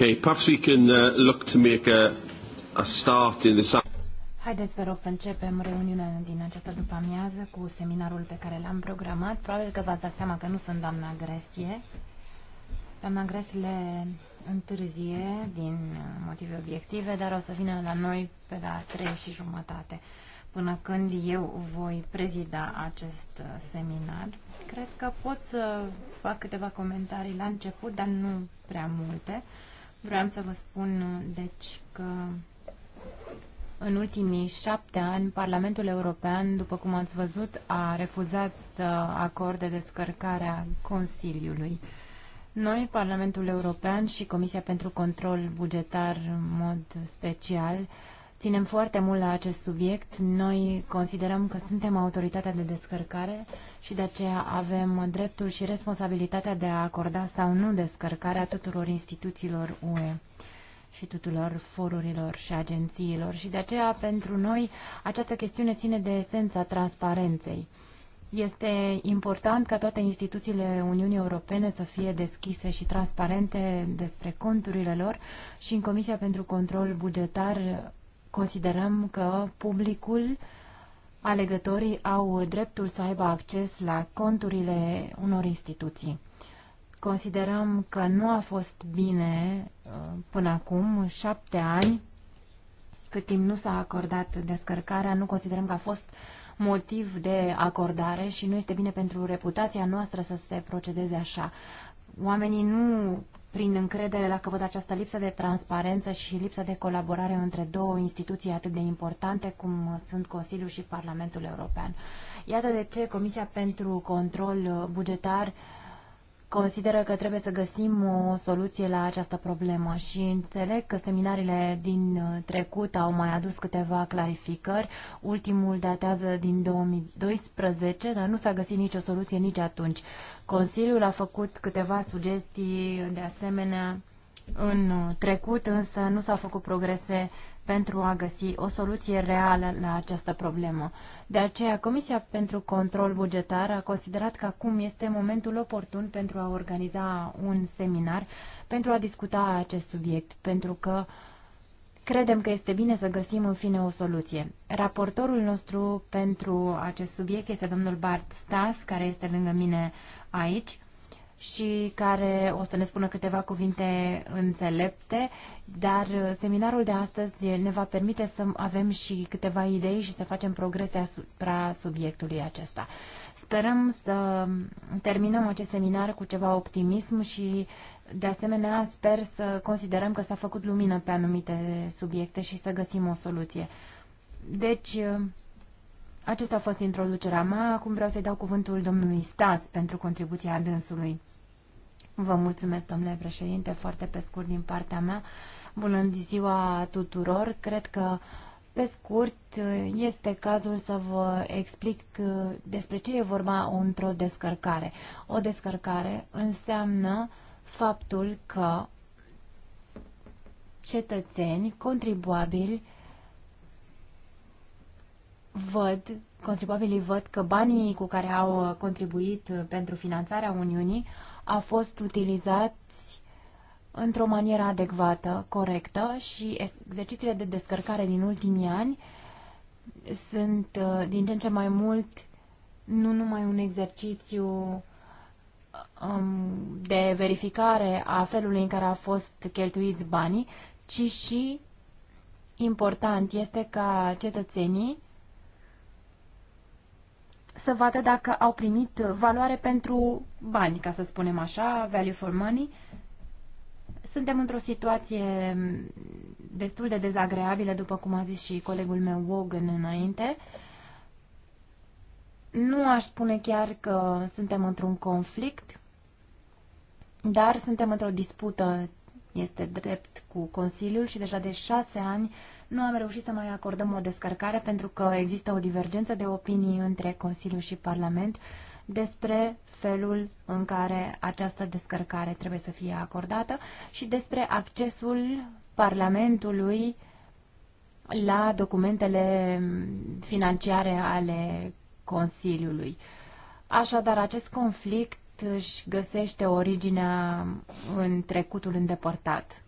Okay, perhaps we can uh, look to make a, a start in this Haideți, vă rog, să începem reuniunea din această după-amiază cu seminarul pe care l-am programat. Probabil că v-ați dat seama că nu sunt doamna Gresie. Doamna Gresle întârzie din motive obiective, dar o să vină la noi pe la 3 și jumătate, până când eu voi prezida acest uh, seminar. Cred că pot să fac câteva comentarii la început, dar nu prea multe. Uh, Vreau să vă spun, deci, că în ultimii șapte ani, Parlamentul European, după cum ați văzut, a refuzat să acorde descărcarea Consiliului. Noi, Parlamentul European și Comisia pentru Control Bugetar în mod special, Ținem foarte mult la acest subiect. Noi considerăm că suntem autoritatea de descărcare și de aceea avem dreptul și responsabilitatea de a acorda sau nu descărcarea tuturor instituțiilor UE și tuturor forurilor și agențiilor. Și de aceea, pentru noi, această chestiune ține de esența transparenței. Este important ca toate instituțiile Uniunii Europene să fie deschise și transparente despre conturile lor și în Comisia pentru Control Bugetar considerăm că publicul, alegătorii au dreptul să aibă acces la conturile unor instituții. Considerăm că nu a fost bine uh, până acum, șapte ani, cât timp nu s-a acordat descărcarea, nu considerăm că a fost motiv de acordare și nu este bine pentru reputația noastră să se procedeze așa. Oamenii nu prin încredere la văd această lipsă de transparență și lipsă de colaborare între două instituții atât de importante cum sunt Consiliul și Parlamentul European. Iată de ce Comisia pentru Control Bugetar uh, consideră că trebuie să găsim o soluție la această problemă și înțeleg că seminarile din uh, trecut au mai adus câteva clarificări. Ultimul datează din 2012, dar nu s-a găsit nicio soluție nici atunci. Consiliul a făcut câteva sugestii de asemenea în uh, trecut, însă nu s-au făcut progrese pentru a găsi o soluție reală la această problemă. De aceea, Comisia pentru Control Bugetar a considerat că acum este momentul oportun pentru a organiza un seminar pentru a discuta acest subiect, pentru că Credem că este bine să găsim în fine o soluție. Raportorul nostru pentru acest subiect este domnul Bart Stas, care este lângă mine aici și care o să ne spună câteva cuvinte înțelepte, dar seminarul de astăzi ne va permite să avem și câteva idei și să facem progrese asupra subiectului acesta. Sperăm să terminăm acest seminar cu ceva optimism și de asemenea sper să considerăm că s-a făcut lumină pe anumite subiecte și să găsim o soluție. Deci, acesta a fost introducerea mea. Acum vreau să-i dau cuvântul domnului Stas pentru contribuția dânsului. Vă mulțumesc, domnule președinte, foarte pe scurt din partea mea. Bună ziua tuturor! Cred că, pe scurt, este cazul să vă explic despre ce e vorba într-o descărcare. O descărcare înseamnă faptul că cetățeni, contribuabili, văd, contribuabilii văd că banii cu care au contribuit pentru finanțarea Uniunii au fost utilizați într-o manieră adecvată, corectă și exercițiile de descărcare din ultimii ani sunt uh, din ce în ce mai mult nu numai un exercițiu um, de verificare a felului în care au fost cheltuiți banii, ci și important este ca cetățenii să vadă dacă au primit valoare pentru bani, ca să spunem așa, value for money. Suntem într-o situație destul de dezagreabilă, după cum a zis și colegul meu Wogan înainte. Nu aș spune chiar că suntem într-un conflict, dar suntem într-o dispută, este drept, cu Consiliul și deja de șase ani nu am reușit să mai acordăm o descărcare pentru că există o divergență de opinii între Consiliu și Parlament despre felul în care această descărcare trebuie să fie acordată și despre accesul Parlamentului la documentele financiare ale Consiliului. Așadar, acest conflict își găsește originea în trecutul îndepărtat.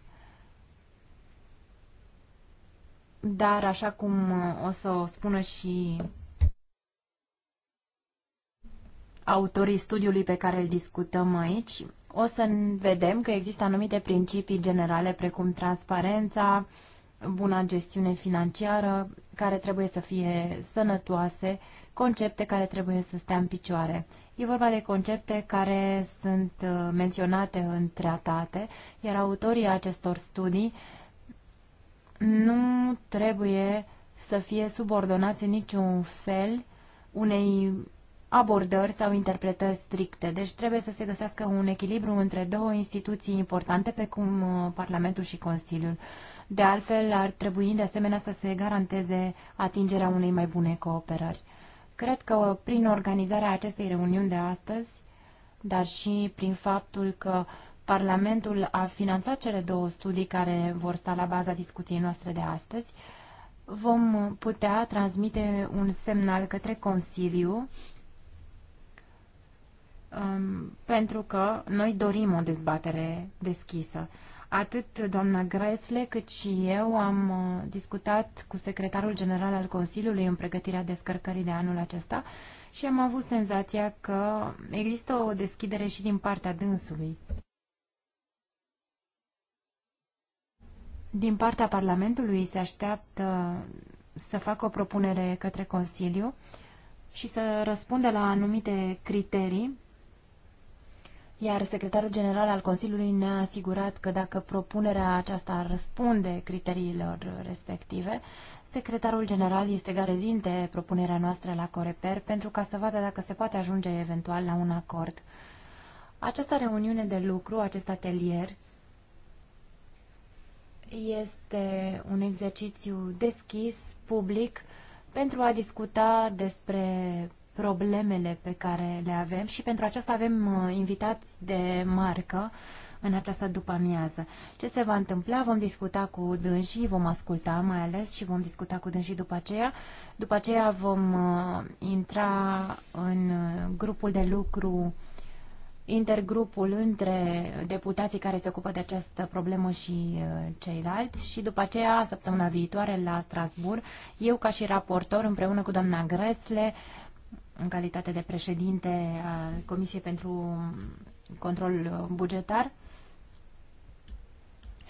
dar așa cum uh, o să o spună și autorii studiului pe care îl discutăm aici, o să vedem că există anumite principii generale precum transparența, buna gestiune financiară, care trebuie să fie sănătoase, concepte care trebuie să stea în picioare. E vorba de concepte care sunt uh, menționate în tratate, iar autorii acestor studii uh, nu trebuie să fie subordonați în niciun fel unei abordări sau interpretări stricte. Deci trebuie să se găsească un echilibru între două instituții importante, pe cum uh, Parlamentul și Consiliul. De altfel, ar trebui de asemenea să se garanteze atingerea unei mai bune cooperări. Cred că uh, prin organizarea acestei reuniuni de astăzi, dar și prin faptul că Parlamentul a finanțat cele două studii care vor sta la baza discuției noastre de astăzi. Vom putea transmite un semnal către Consiliu um, pentru că noi dorim o dezbatere deschisă. Atât doamna Gresle cât și eu am uh, discutat cu secretarul general al Consiliului în pregătirea descărcării de anul acesta și am avut senzația că există o deschidere și din partea dânsului. Din partea Parlamentului se așteaptă să facă o propunere către Consiliu și să răspundă la anumite criterii, iar secretarul general al Consiliului ne-a asigurat că dacă propunerea aceasta răspunde criteriilor respective, secretarul general este garezinte propunerea noastră la Coreper pentru ca să vadă dacă se poate ajunge eventual la un acord. Această reuniune de lucru, acest atelier, este un exercițiu deschis, public, pentru a discuta despre problemele pe care le avem și pentru aceasta avem uh, invitați de marcă în această după-amiază. Ce se va întâmpla? Vom discuta cu dânsii, vom asculta mai ales și vom discuta cu dânsii după aceea. După aceea vom uh, intra în uh, grupul de lucru intergrupul între deputații care se ocupă de această problemă și uh, ceilalți și după aceea, săptămâna viitoare la Strasbourg, eu ca și raportor împreună cu doamna Gresle, în calitate de președinte al Comisiei pentru Control Bugetar,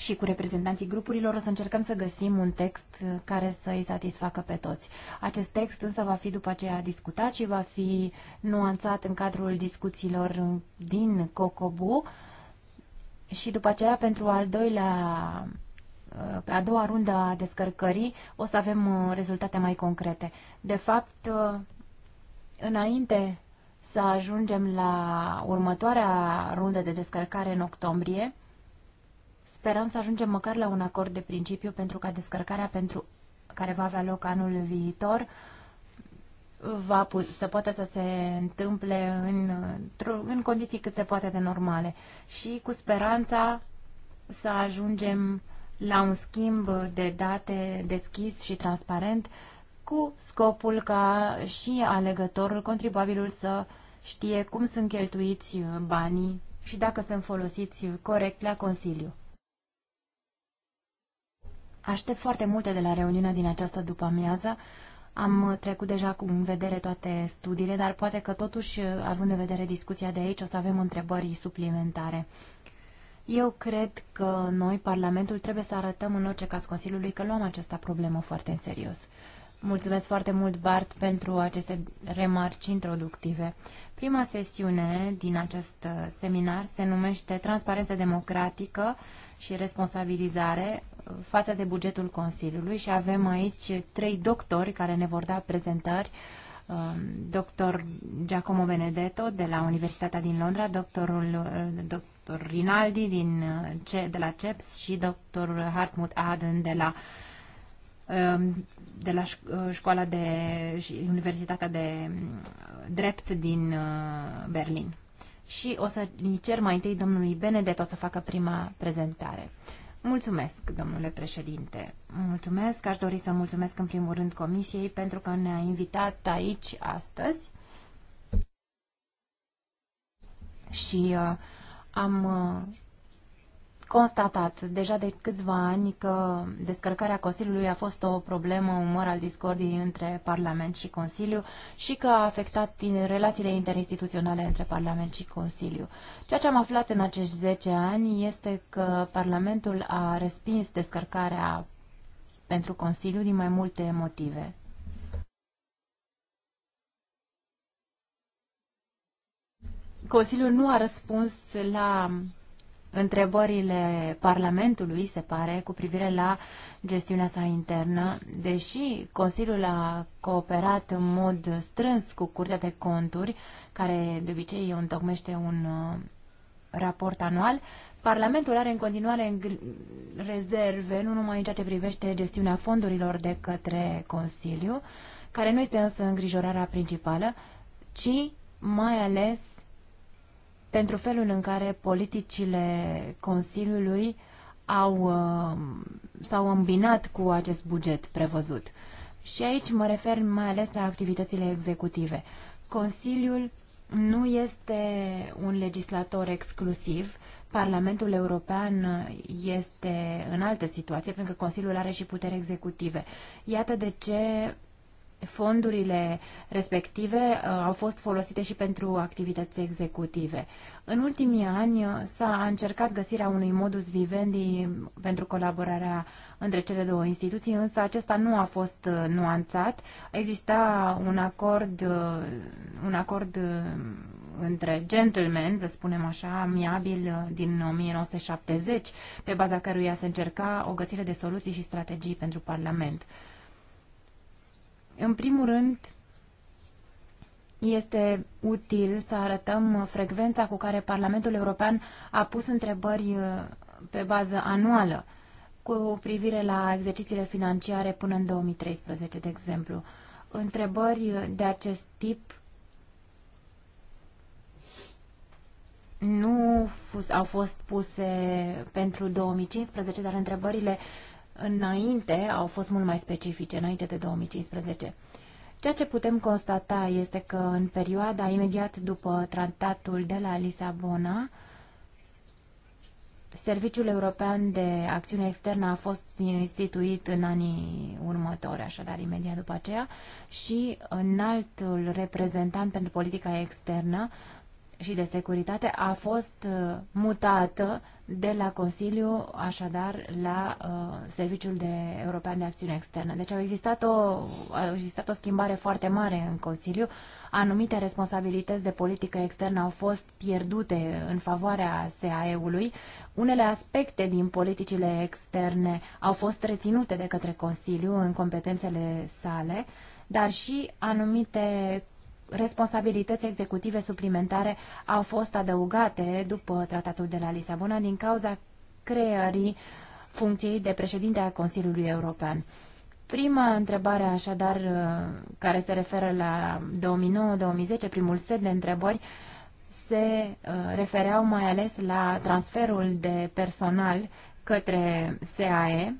și cu reprezentanții grupurilor o să încercăm să găsim un text uh, care să îi satisfacă pe toți. Acest text însă va fi după aceea discutat și va fi nuanțat în cadrul discuțiilor din COCOBU și după aceea pentru al doilea uh, pe a doua rundă a descărcării o să avem uh, rezultate mai concrete. De fapt, înainte să ajungem la următoarea rundă de descărcare în octombrie, Sperăm să ajungem măcar la un acord de principiu pentru ca descărcarea pentru care va avea loc anul viitor va să poată să se întâmple în, în condiții cât se poate de normale și cu speranța să ajungem la un schimb de date deschis și transparent cu scopul ca și alegătorul, contribuabilul să știe cum sunt cheltuiți banii și dacă sunt folosiți corect la Consiliu. Aștept foarte multe de la reuniunea din această după-amiază. Am trecut deja cu în vedere toate studiile, dar poate că totuși, având în vedere discuția de aici, o să avem întrebări suplimentare. Eu cred că noi, Parlamentul, trebuie să arătăm în orice caz Consiliului că luăm această problemă foarte în serios. Mulțumesc foarte mult, Bart, pentru aceste remarci introductive. Prima sesiune din acest seminar se numește Transparență democratică, și responsabilizare uh, față de bugetul Consiliului și avem aici trei doctori care ne vor da prezentări um, doctor Giacomo Benedetto de la Universitatea din Londra, doctorul uh, doctor Rinaldi din, uh, de la CEPS și dr. Hartmut Aden de la um, de la școala de Universitatea de Drept din Berlin și o să îi cer mai întâi domnului Benedet o să facă prima prezentare. Mulțumesc, domnule președinte. Mulțumesc. Aș dori să mulțumesc în primul rând Comisiei pentru că ne-a invitat aici astăzi. Și uh, am uh, constatat deja de câțiva ani că descărcarea Consiliului a fost o problemă, un măr al discordii între Parlament și Consiliu și că a afectat relațiile interinstituționale între Parlament și Consiliu. Ceea ce am aflat în acești 10 ani este că Parlamentul a respins descărcarea pentru Consiliu din mai multe motive. Consiliul nu a răspuns la întrebările Parlamentului, se pare, cu privire la gestiunea sa internă, deși Consiliul a cooperat în mod strâns cu Curtea de Conturi, care de obicei întocmește un uh, raport anual, Parlamentul are în continuare rezerve, nu numai în ceea ce privește gestiunea fondurilor de către Consiliu, care nu este însă îngrijorarea principală, ci mai ales pentru felul în care politicile Consiliului au, uh, s-au îmbinat cu acest buget prevăzut. Și aici mă refer mai ales la activitățile executive. Consiliul nu este un legislator exclusiv. Parlamentul European este în altă situație, pentru că Consiliul are și puteri executive. Iată de ce fondurile respective uh, au fost folosite și pentru activități executive. În ultimii ani uh, s-a încercat găsirea unui modus vivendi pentru colaborarea între cele două instituții, însă acesta nu a fost uh, nuanțat. Exista un acord, un acord între gentlemen, să spunem așa, amiabil din 1970, pe baza căruia se încerca o găsire de soluții și strategii pentru Parlament. În primul rând, este util să arătăm frecvența cu care Parlamentul European a pus întrebări uh, pe bază anuală cu privire la exercițiile financiare până în 2013, de exemplu. Întrebări uh, de acest tip nu au fost puse pentru 2015, dar întrebările uh, înainte au fost mult mai specifice, înainte de 2015. Ceea ce putem constata este că în perioada imediat după tratatul de la Lisabona, Serviciul European de Acțiune Externă a fost instituit în anii următori, așadar imediat după aceea, și înaltul reprezentant pentru politica externă și de Securitate a fost uh, mutată de la Consiliu, așadar, la uh, Serviciul de European de Acțiune Externă. Deci a existat o, a existat o schimbare foarte mare în Consiliu. Anumite responsabilități de politică externă au fost pierdute în favoarea SAE-ului. Unele aspecte din politicile externe au fost reținute de către Consiliu în competențele sale, dar și anumite responsabilități executive suplimentare au fost adăugate după tratatul de la Lisabona din cauza creării funcției de președinte a Consiliului European. Prima întrebare, așadar, uh, care se referă la 2009-2010, primul set de întrebări, se uh, refereau mai ales la transferul de personal către SAE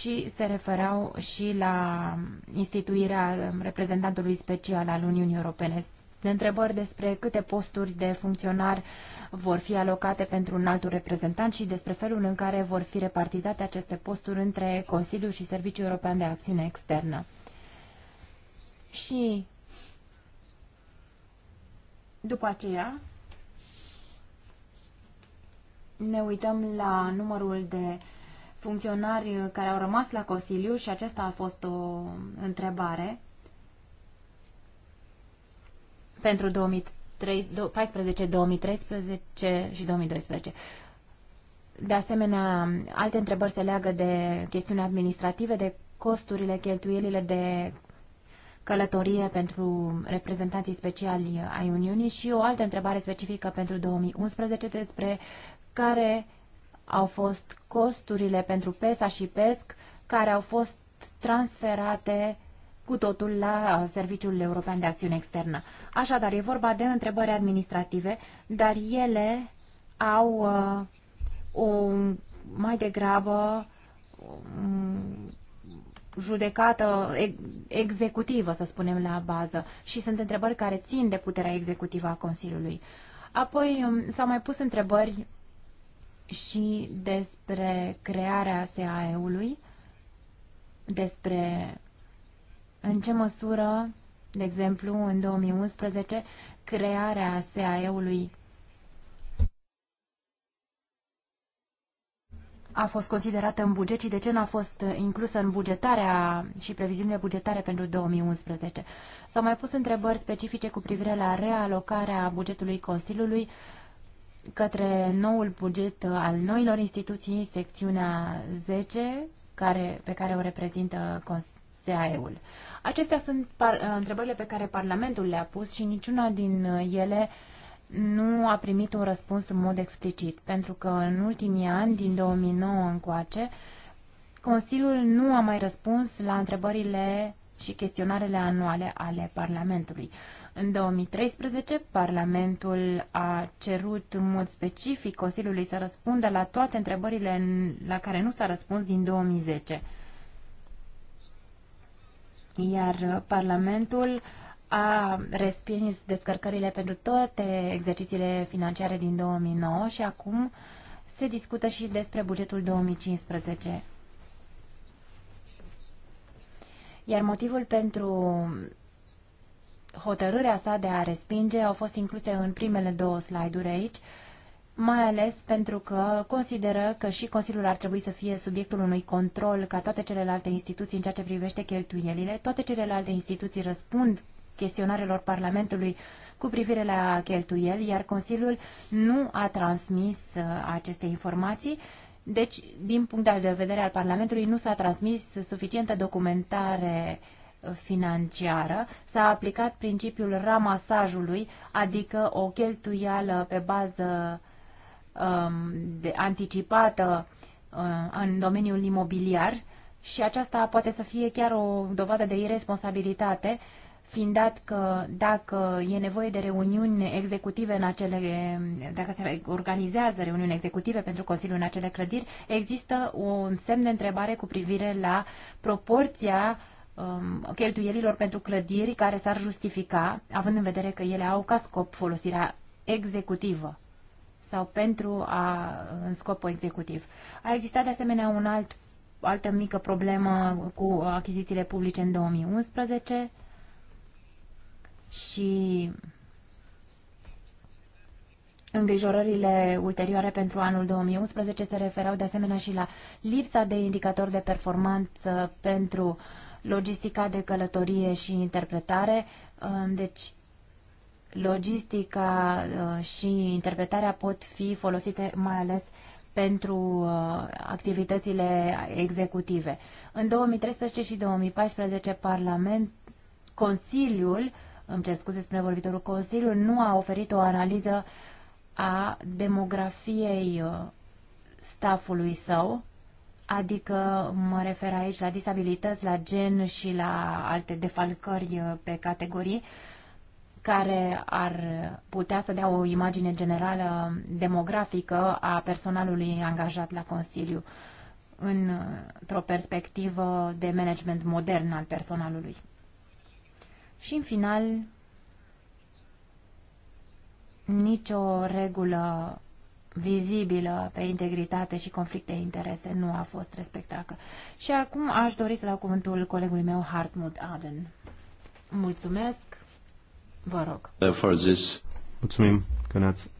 și se referau și la instituirea reprezentantului special al Uniunii Europene. De întrebări despre câte posturi de funcționar vor fi alocate pentru un altul reprezentant și despre felul în care vor fi repartizate aceste posturi între Consiliu și Serviciul European de Acțiune Externă. Și după aceea ne uităm la numărul de funcționari uh, care au rămas la Consiliu și aceasta a fost o întrebare pentru 2014-2013 și 2012. De asemenea, alte întrebări se leagă de chestiuni administrative, de costurile, cheltuielile de călătorie pentru reprezentanții speciali ai Uniunii și o altă întrebare specifică pentru 2011 despre care au fost costurile pentru PESA și PESC care au fost transferate cu totul la Serviciul European de Acțiune Externă. Așadar, e vorba de întrebări administrative, dar ele au uh, o mai degrabă um, judecată ex executivă, să spunem, la bază și sunt întrebări care țin de puterea executivă a Consiliului. Apoi um, s-au mai pus întrebări și despre crearea SAE-ului, despre în ce măsură, de exemplu, în 2011, crearea SAE-ului a fost considerată în buget și de ce n-a fost inclusă în bugetarea și previziunile bugetare pentru 2011. S-au mai pus întrebări specifice cu privire la realocarea bugetului Consiliului uh, către noul buget al noilor instituții, secțiunea 10, care, pe care o reprezintă Consiliul ul Acestea sunt par, uh, întrebările pe care Parlamentul le-a pus și niciuna din uh, ele nu a primit un răspuns în mod explicit, pentru că în ultimii ani, din 2009 încoace, Consiliul nu a mai răspuns la întrebările și chestionarele anuale ale Parlamentului. În 2013, Parlamentul a cerut în mod specific Consiliului să răspundă la toate întrebările la care nu s-a răspuns din 2010. Iar Parlamentul a respins descărcările pentru toate exercițiile financiare din 2009 și acum se discută și despre bugetul 2015. Iar motivul pentru hotărârea sa de a respinge au fost incluse în primele două slide-uri aici, mai ales pentru că consideră că și Consiliul ar trebui să fie subiectul unui control ca toate celelalte instituții în ceea ce privește cheltuielile. Toate celelalte instituții răspund chestionarelor Parlamentului cu privire la cheltuieli, iar Consiliul nu a transmis uh, aceste informații. Deci, din punct de vedere al Parlamentului, nu s-a transmis suficientă documentare uh, financiară, s-a aplicat principiul ramasajului, adică o cheltuială pe bază um, de, anticipată um, în domeniul imobiliar și aceasta poate să fie chiar o dovadă de irresponsabilitate, fiind dat că dacă e nevoie de reuniuni executive în acele, dacă se organizează reuniuni executive pentru Consiliul în acele clădiri, există un semn de întrebare cu privire la proporția uh, Um, cheltuielilor pentru clădiri care s-ar justifica, având în vedere că ele au ca scop folosirea executivă sau pentru a, în scop executiv. A existat de asemenea un alt, altă mică problemă cu achizițiile publice în 2011 și Îngrijorările ulterioare pentru anul 2011 se referau de asemenea și la lipsa de indicator de performanță pentru logistica de călătorie și interpretare, deci logistica uh, și interpretarea pot fi folosite mai ales pentru uh, activitățile executive. În 2013 și 2014 Parlament, Consiliul, îmi cer scuze, spune vorbitorul, Consiliul nu a oferit o analiză a demografiei uh, stafului său Adică mă refer aici la disabilități, la gen și la alte defalcări pe categorii care ar putea să dea o imagine generală demografică a personalului angajat la Consiliu într-o perspectivă de management modern al personalului. Și în final, nicio regulă vizibilă pe integritate și conflict de interese nu a fost respectată. Și acum aș dori să dau cuvântul colegului meu Hartmut Aden. Mulțumesc. Vă rog. Mulțumim că ne-ați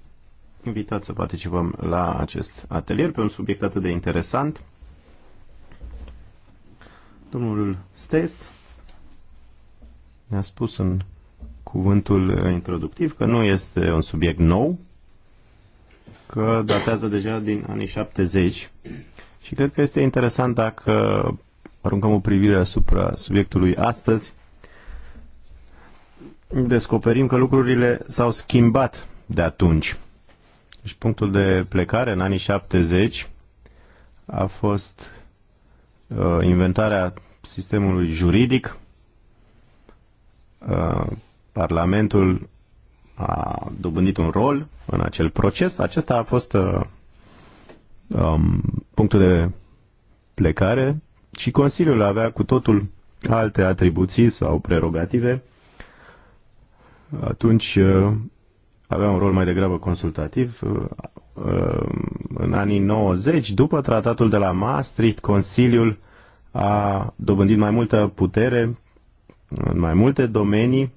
invitat să participăm la acest atelier pe un subiect atât de interesant. Domnul Stes ne-a spus în cuvântul introductiv că nu este un subiect nou, că datează deja din anii 70 și cred că este interesant dacă aruncăm o privire asupra subiectului astăzi, descoperim că lucrurile s-au schimbat de atunci. și deci punctul de plecare în anii 70 a fost uh, inventarea sistemului juridic. Uh, Parlamentul a dobândit un rol în acel proces. Acesta a fost uh, um, punctul de plecare și Consiliul avea cu totul alte atribuții sau prerogative. Atunci uh, avea un rol mai degrabă consultativ. Uh, în anii 90, după tratatul de la Maastricht, Consiliul a dobândit mai multă putere în mai multe domenii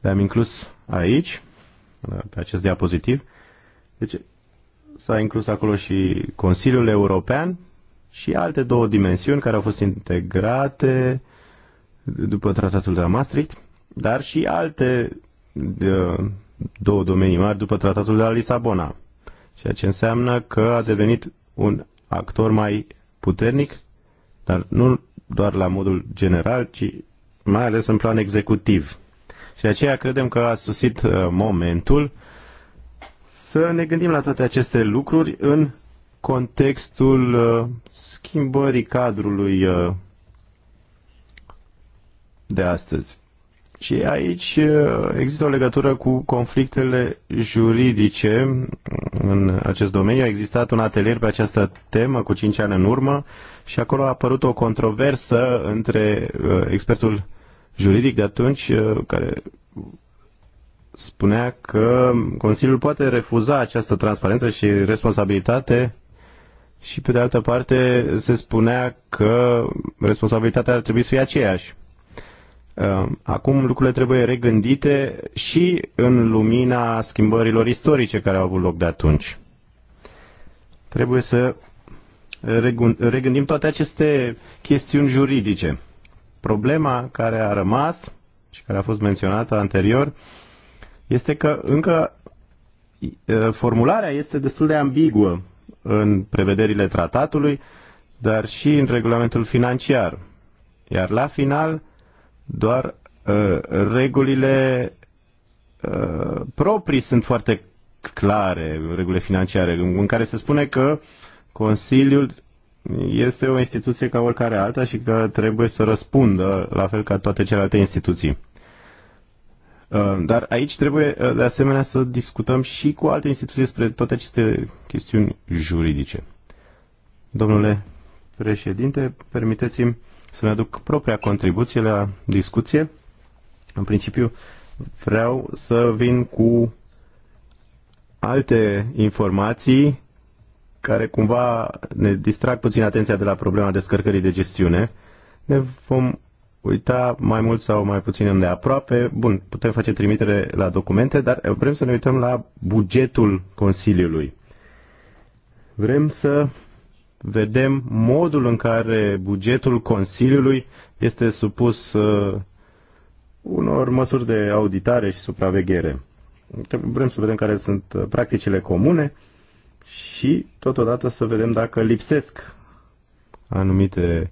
le-am inclus aici, pe acest diapozitiv. Deci s-a inclus acolo și Consiliul European și alte două dimensiuni care au fost integrate după tratatul de la Maastricht, dar și alte două domenii mari după tratatul de la Lisabona. Ceea ce înseamnă că a devenit un actor mai puternic, dar nu doar la modul general, ci mai ales în plan executiv. Și de aceea credem că a susit uh, momentul să ne gândim la toate aceste lucruri în contextul uh, schimbării cadrului uh, de astăzi. Și aici există o legătură cu conflictele juridice în acest domeniu. A existat un atelier pe această temă cu 5 ani în urmă și acolo a apărut o controversă între expertul juridic de atunci uh, care spunea că Consiliul poate refuza această transparență și responsabilitate și pe de altă parte se spunea că responsabilitatea ar trebui să fie aceeași. Uh, acum lucrurile trebuie regândite și în lumina schimbărilor istorice care au avut loc de atunci. Trebuie să regândim toate aceste chestiuni juridice. Problema care a rămas și care a fost menționată anterior este că încă formularea este destul de ambiguă în prevederile tratatului, dar și în regulamentul financiar. Iar la final, doar uh, regulile uh, proprii sunt foarte clare, regulile financiare, în care se spune că Consiliul este o instituție ca oricare alta și că trebuie să răspundă la fel ca toate celelalte instituții. Uh, dar aici trebuie uh, de asemenea să discutăm și cu alte instituții despre toate aceste chestiuni juridice. Domnule președinte, permiteți-mi să-mi aduc propria contribuție la discuție. În principiu, vreau să vin cu alte informații care cumva ne distrag puțin atenția de la problema descărcării de gestiune, ne vom uita mai mult sau mai puțin de aproape. Bun, putem face trimitere la documente, dar vrem să ne uităm la bugetul Consiliului. Vrem să vedem modul în care bugetul Consiliului este supus uh, unor măsuri de auditare și supraveghere. Vrem să vedem care sunt uh, practicile comune și totodată să vedem dacă lipsesc anumite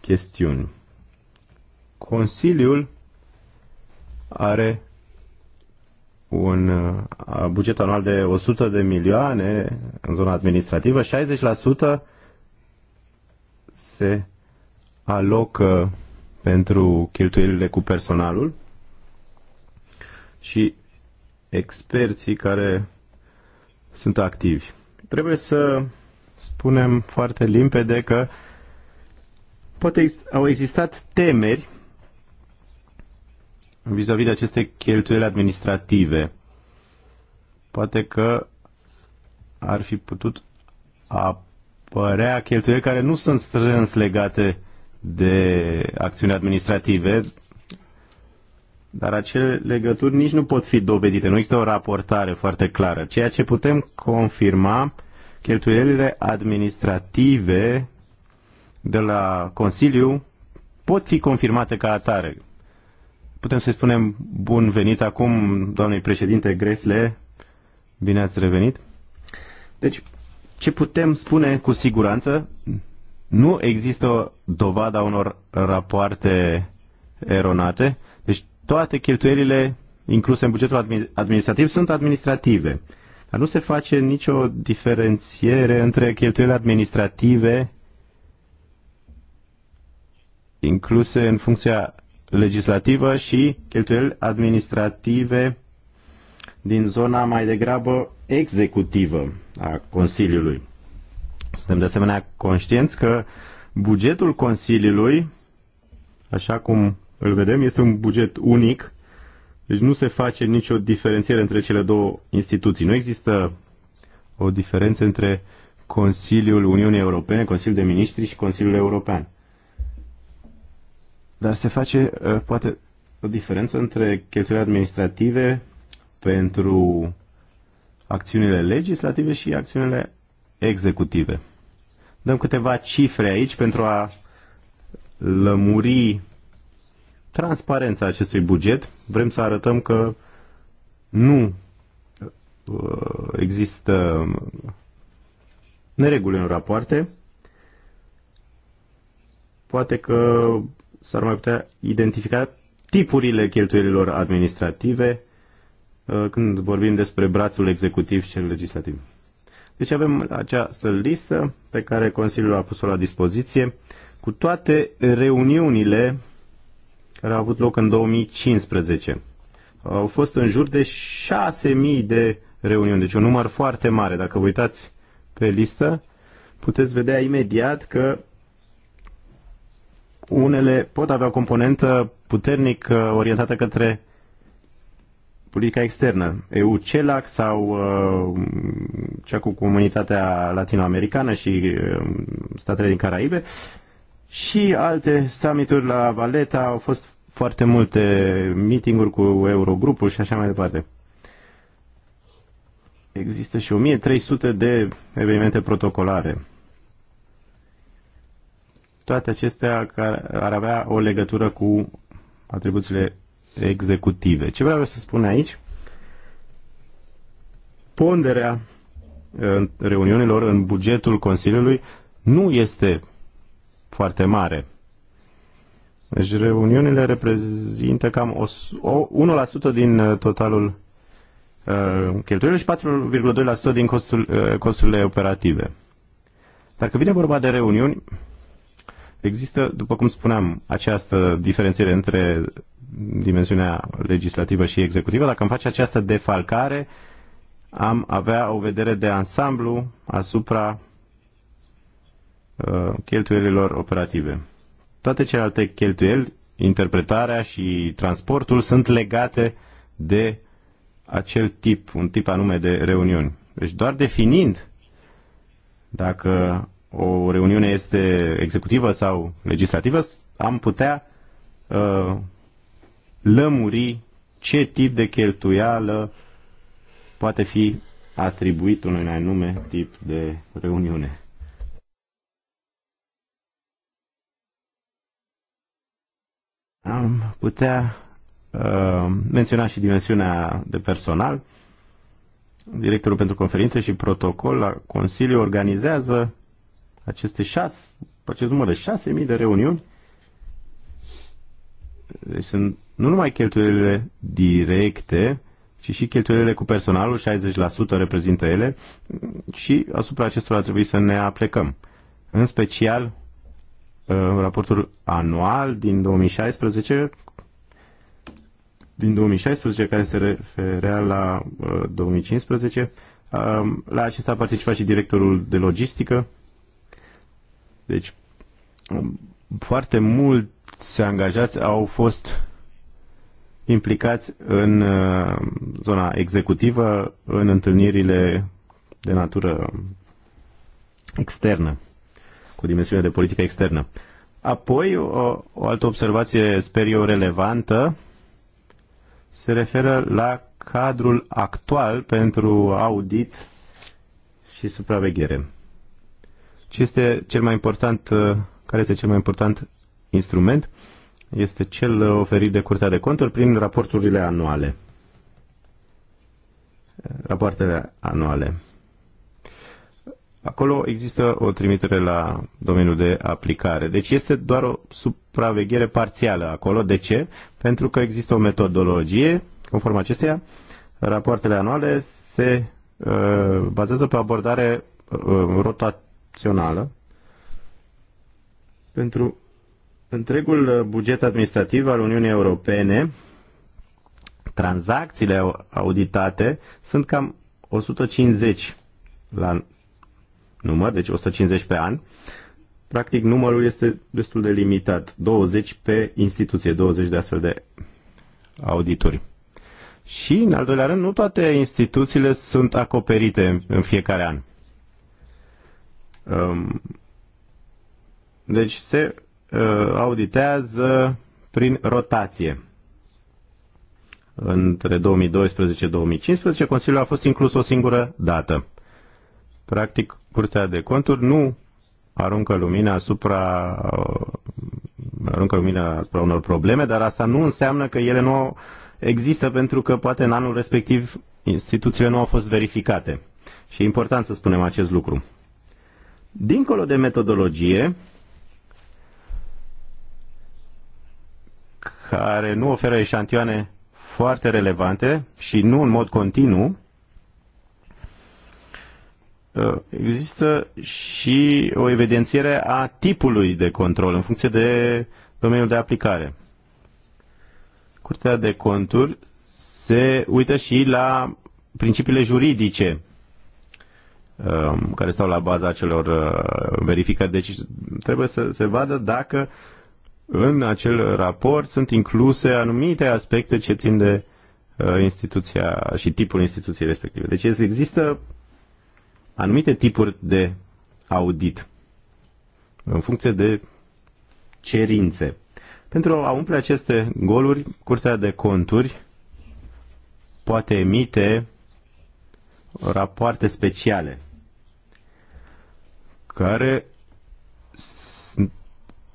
chestiuni. Consiliul are un uh, buget anual de 100 de milioane în zona administrativă, 60% se alocă pentru cheltuielile cu personalul și experții care sunt activi. Trebuie să spunem foarte limpede că poate au existat temeri vis-a-vis -vis de aceste cheltuieli administrative. Poate că ar fi putut apărea cheltuieli care nu sunt strâns legate de acțiuni administrative, dar acele legături nici nu pot fi dovedite, nu există o raportare foarte clară. Ceea ce putem confirma, cheltuielile administrative de la Consiliu pot fi confirmate ca atare. Putem să-i spunem bun venit acum, doamnei președinte Gresle, bine ați revenit. Deci, ce putem spune cu siguranță, nu există dovada unor rapoarte eronate, toate cheltuielile incluse în bugetul administrativ sunt administrative. Dar nu se face nicio diferențiere între cheltuielile administrative incluse în funcția legislativă și cheltuieli administrative din zona mai degrabă executivă a Consiliului. Suntem de asemenea conștienți că bugetul Consiliului, așa cum îl vedem. Este un buget unic, deci nu se face nicio diferențiere între cele două instituții. Nu există o diferență între Consiliul Uniunii Europene, Consiliul de Ministri și Consiliul European. Dar se face, ă, poate, o diferență între cheltuielile administrative pentru acțiunile legislative și acțiunile executive. Dăm câteva cifre aici pentru a lămuri transparența acestui buget. Vrem să arătăm că nu uh, există nereguli în rapoarte. Poate că s-ar mai putea identifica tipurile cheltuielilor administrative uh, când vorbim despre brațul executiv și cel legislativ. Deci avem această listă pe care Consiliul a pus-o la dispoziție cu toate reuniunile care a avut loc în 2015. Au fost în jur de 6.000 de reuniuni, deci un număr foarte mare. Dacă vă uitați pe listă, puteți vedea imediat că unele pot avea o componentă puternic uh, orientată către politica externă, EU-CELAC sau uh, cea cu comunitatea latinoamericană și uh, statele din Caraibe și alte summituri la Valeta au fost foarte multe meeting-uri cu Eurogrupul și așa mai departe. Există și 1300 de evenimente protocolare. Toate acestea care ar avea o legătură cu atribuțiile executive. Ce vreau să spun aici? Ponderea uh, reuniunilor în bugetul Consiliului nu este foarte mare. Deci reuniunile reprezintă cam o, o, 1% din uh, totalul uh, cheltuielor și 4,2% din costul, uh, costurile operative. Dar când vine vorba de reuniuni, există, după cum spuneam, această diferențiere între dimensiunea legislativă și executivă. Dacă am face această defalcare, am avea o vedere de ansamblu asupra uh, cheltuielilor operative. Toate celelalte cheltuieli, interpretarea și transportul sunt legate de acel tip, un tip anume de reuniuni. Deci doar definind dacă o reuniune este executivă sau legislativă, am putea uh, lămuri ce tip de cheltuială poate fi atribuit unui anume tip de reuniune. Am putea uh, menționa și dimensiunea de personal. Directorul pentru conferințe și protocol la Consiliu organizează aceste șase, acest număr de șase mii de reuniuni. Deci sunt nu numai cheltuielile directe, ci și cheltuielile cu personalul, 60% reprezintă ele, și asupra acestora trebuie să ne aplecăm. În special Uh, raportul anual din 2016 din 2016 care se referea la 2015 uh, um, la acesta a participat și directorul de logistică deci um, foarte mulți angajați au fost implicați în uh, zona executivă, în întâlnirile de natură externă cu dimensiune de politică externă. Apoi, o, o altă observație, sper eu, relevantă, se referă la cadrul actual pentru audit și supraveghere. Ce este cel mai important, care este cel mai important instrument? Este cel oferit de Curtea de Conturi prin raporturile anuale. Rapoartele anuale. Acolo există o trimitere la domeniul de aplicare. Deci este doar o supraveghere parțială acolo. De ce? Pentru că există o metodologie, conform acesteia, rapoartele anuale se uh, bazează pe abordare uh, rotațională pentru întregul buget administrativ al Uniunii Europene. Tranzacțiile auditate sunt cam 150 la număr, deci 150 pe an, practic numărul este destul de limitat, 20 pe instituție, 20 de astfel de auditori. Și, în al doilea rând, nu toate instituțiile sunt acoperite în fiecare an. Um, deci se uh, auditează prin rotație. Între 2012-2015 Consiliul a fost inclus o singură dată. Practic, Curtea de Conturi nu aruncă lumina asupra uh, aruncă lumina asupra unor probleme, dar asta nu înseamnă că ele nu există pentru că poate în anul respectiv instituțiile nu au fost verificate. Și e important să spunem acest lucru. Dincolo de metodologie, care nu oferă eșantioane foarte relevante și nu în mod continuu, Uh, există și o evidențiere a tipului de control în funcție de domeniul de aplicare. Curtea de conturi se uită și la principiile juridice um, care stau la baza acelor uh, verificări. Deci trebuie să se vadă dacă în acel raport sunt incluse anumite aspecte ce țin de uh, instituția și tipul instituției respective. Deci există anumite tipuri de audit în funcție de cerințe. Pentru a umple aceste goluri, Curtea de Conturi poate emite rapoarte speciale care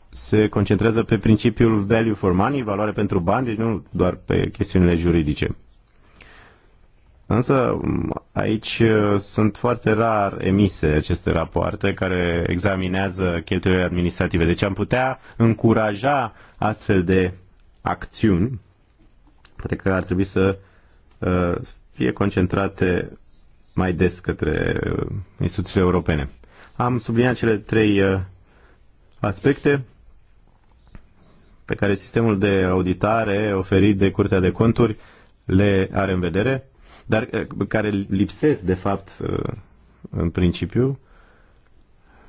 se concentrează pe principiul value for money, valoare pentru bani, deci nu doar pe chestiunile juridice. Însă aici uh, sunt foarte rar emise aceste rapoarte care examinează cheltuielile administrative. Deci am putea încuraja astfel de acțiuni. Poate că ar trebui să uh, fie concentrate mai des către uh, instituțiile europene. Am subliniat cele trei aspecte pe care sistemul de auditare oferit de Curtea de Conturi le are în vedere dar eh, care lipsesc, de fapt, eh, în principiu.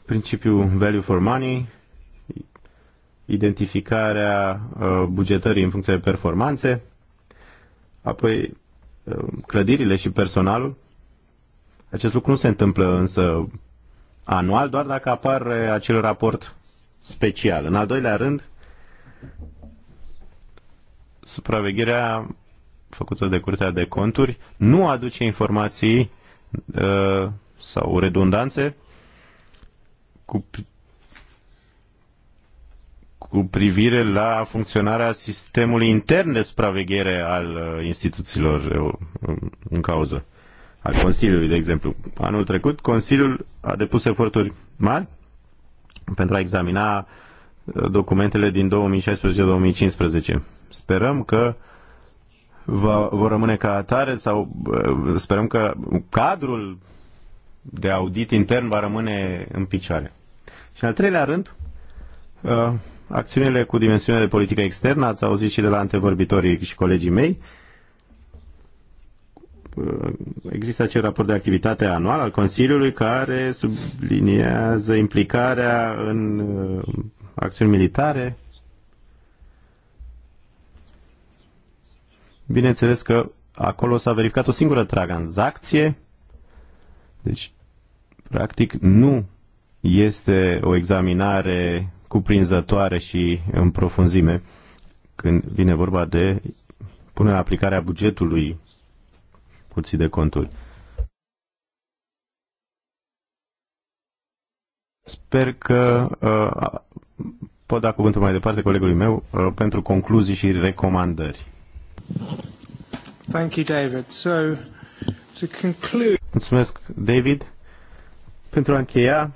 Principiul value for money, identificarea eh, bugetării în funcție de performanțe, apoi clădirile și personalul. Acest lucru nu se întâmplă însă anual, doar dacă apare acel raport special. În al doilea rând, supravegherea făcută de Curtea de Conturi nu aduce informații uh, sau redundanțe cu, cu privire la funcționarea sistemului intern de supraveghere al uh, instituțiilor uh, în cauză, al Consiliului, de exemplu. Anul trecut, Consiliul a depus eforturi mari pentru a examina uh, documentele din 2016-2015. Sperăm că uh, va, vor rămâne ca atare sau sperăm că cadrul de audit intern va rămâne în picioare. Și în al treilea rând, ă, acțiunile cu dimensiune de politică externă, ați auzit și de la antevorbitorii și colegii mei, ă, există acel raport de activitate anual al Consiliului care subliniază implicarea în ă, acțiuni militare, Bineînțeles că acolo s-a verificat o singură tranzacție, deci practic nu este o examinare cuprinzătoare și în profunzime când vine vorba de punerea aplicarea bugetului curții de conturi. Sper că uh, pot da cuvântul mai departe colegului meu uh, pentru concluzii și recomandări. Thank you, David. So, to conclude... Mulțumesc, David. Pentru a încheia,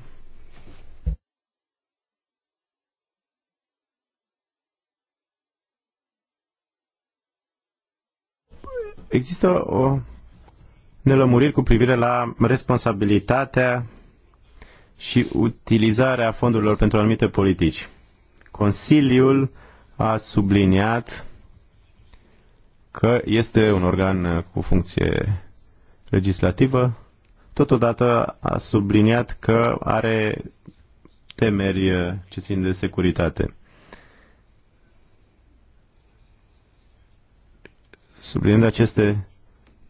Există o nelămuriri cu privire la responsabilitatea și utilizarea fondurilor pentru anumite politici. Consiliul a subliniat că este un organ uh, cu funcție legislativă, totodată a subliniat că are temeri uh, ce țin de securitate. Subliniind aceste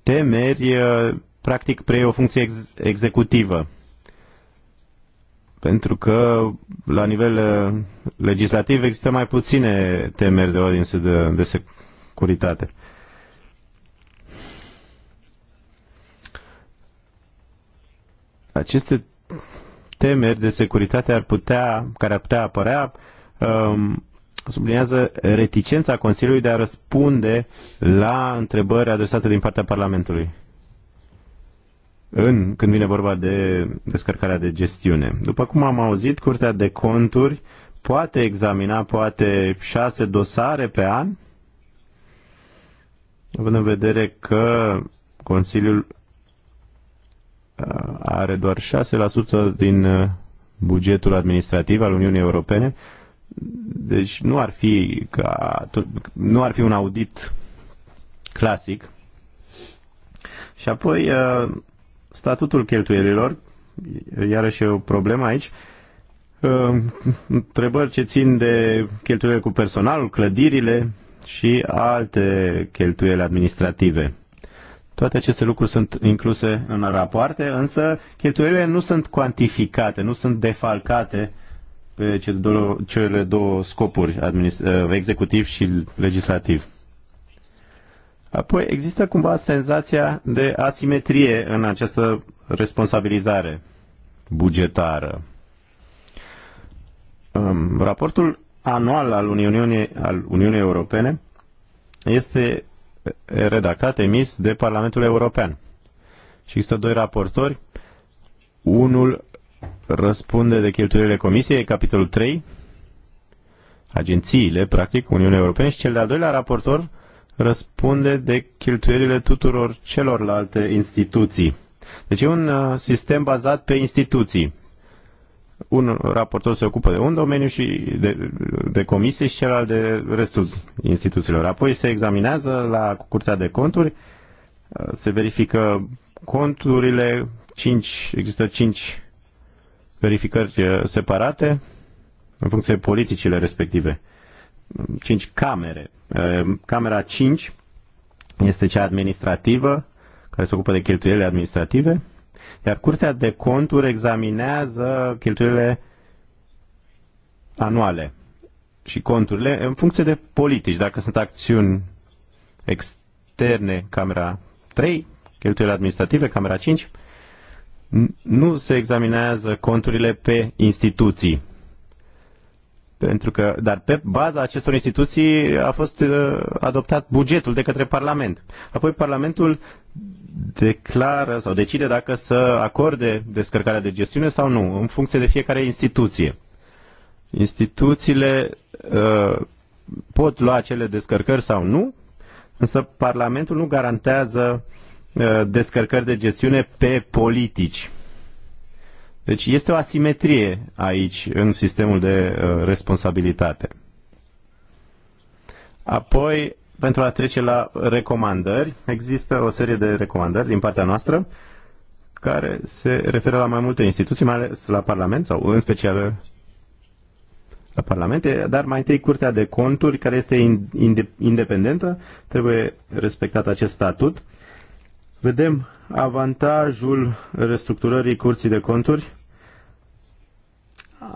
temeri, uh, practic preie o funcție ex- executivă. Pentru că la nivel legislativ există mai puține temeri de ordine de, de securitate. Aceste temeri de securitate ar putea, care ar putea apărea um, sublinează reticența Consiliului de a răspunde la întrebări adresate din partea Parlamentului în, când vine vorba de descărcarea de gestiune. După cum am auzit, Curtea de Conturi poate examina poate șase dosare pe an, având în vedere că Consiliul are doar 6% din uh, bugetul administrativ al Uniunii Europene, deci nu ar fi, ca, nu ar fi un audit clasic. Și apoi uh, statutul cheltuielilor, iarăși e o problemă aici, uh, întrebări ce țin de cheltuielile cu personalul, clădirile și alte cheltuieli administrative. Toate aceste lucruri sunt incluse în rapoarte, însă cheltuielile nu sunt cuantificate, nu sunt defalcate pe cele două, cele două scopuri, eh, executiv și legislativ. Apoi există cumva senzația de asimetrie în această responsabilizare bugetară. Ehm, raportul anual al Uniunii, al Uniunii Europene este redactat, emis de Parlamentul European. Și există doi raportori. Unul răspunde de cheltuielile Comisiei, capitolul 3, agențiile, practic, Uniunea Europeană, și cel de-al doilea raportor răspunde de cheltuielile tuturor celorlalte instituții. Deci e un uh, sistem bazat pe instituții un raportor se ocupă de un domeniu și de, de comisie și celălalt de restul instituțiilor. Apoi se examinează la Curtea de Conturi, se verifică conturile, cinci, există cinci verificări eh, separate în funcție de politicile respective. Cinci camere. Eh, camera 5 este cea administrativă, care se ocupă de cheltuielile administrative, iar Curtea de Conturi examinează cheltuielile anuale și conturile în funcție de politici. Dacă sunt acțiuni externe, Camera 3, cheltuielile administrative, Camera 5, nu se examinează conturile pe instituții pentru că, dar pe baza acestor instituții a fost uh, adoptat bugetul de către Parlament. Apoi Parlamentul declară sau decide dacă să acorde descărcarea de gestiune sau nu, în funcție de fiecare instituție. Instituțiile uh, pot lua acele descărcări sau nu, însă Parlamentul nu garantează uh, descărcări de gestiune pe politici. Deci este o asimetrie aici în sistemul de uh, responsabilitate. Apoi, pentru a trece la recomandări, există o serie de recomandări din partea noastră care se referă la mai multe instituții, mai ales la Parlament sau în special la Parlamente, dar mai întâi Curtea de Conturi, care este independentă, trebuie respectat acest statut. Vedem avantajul restructurării curții de conturi?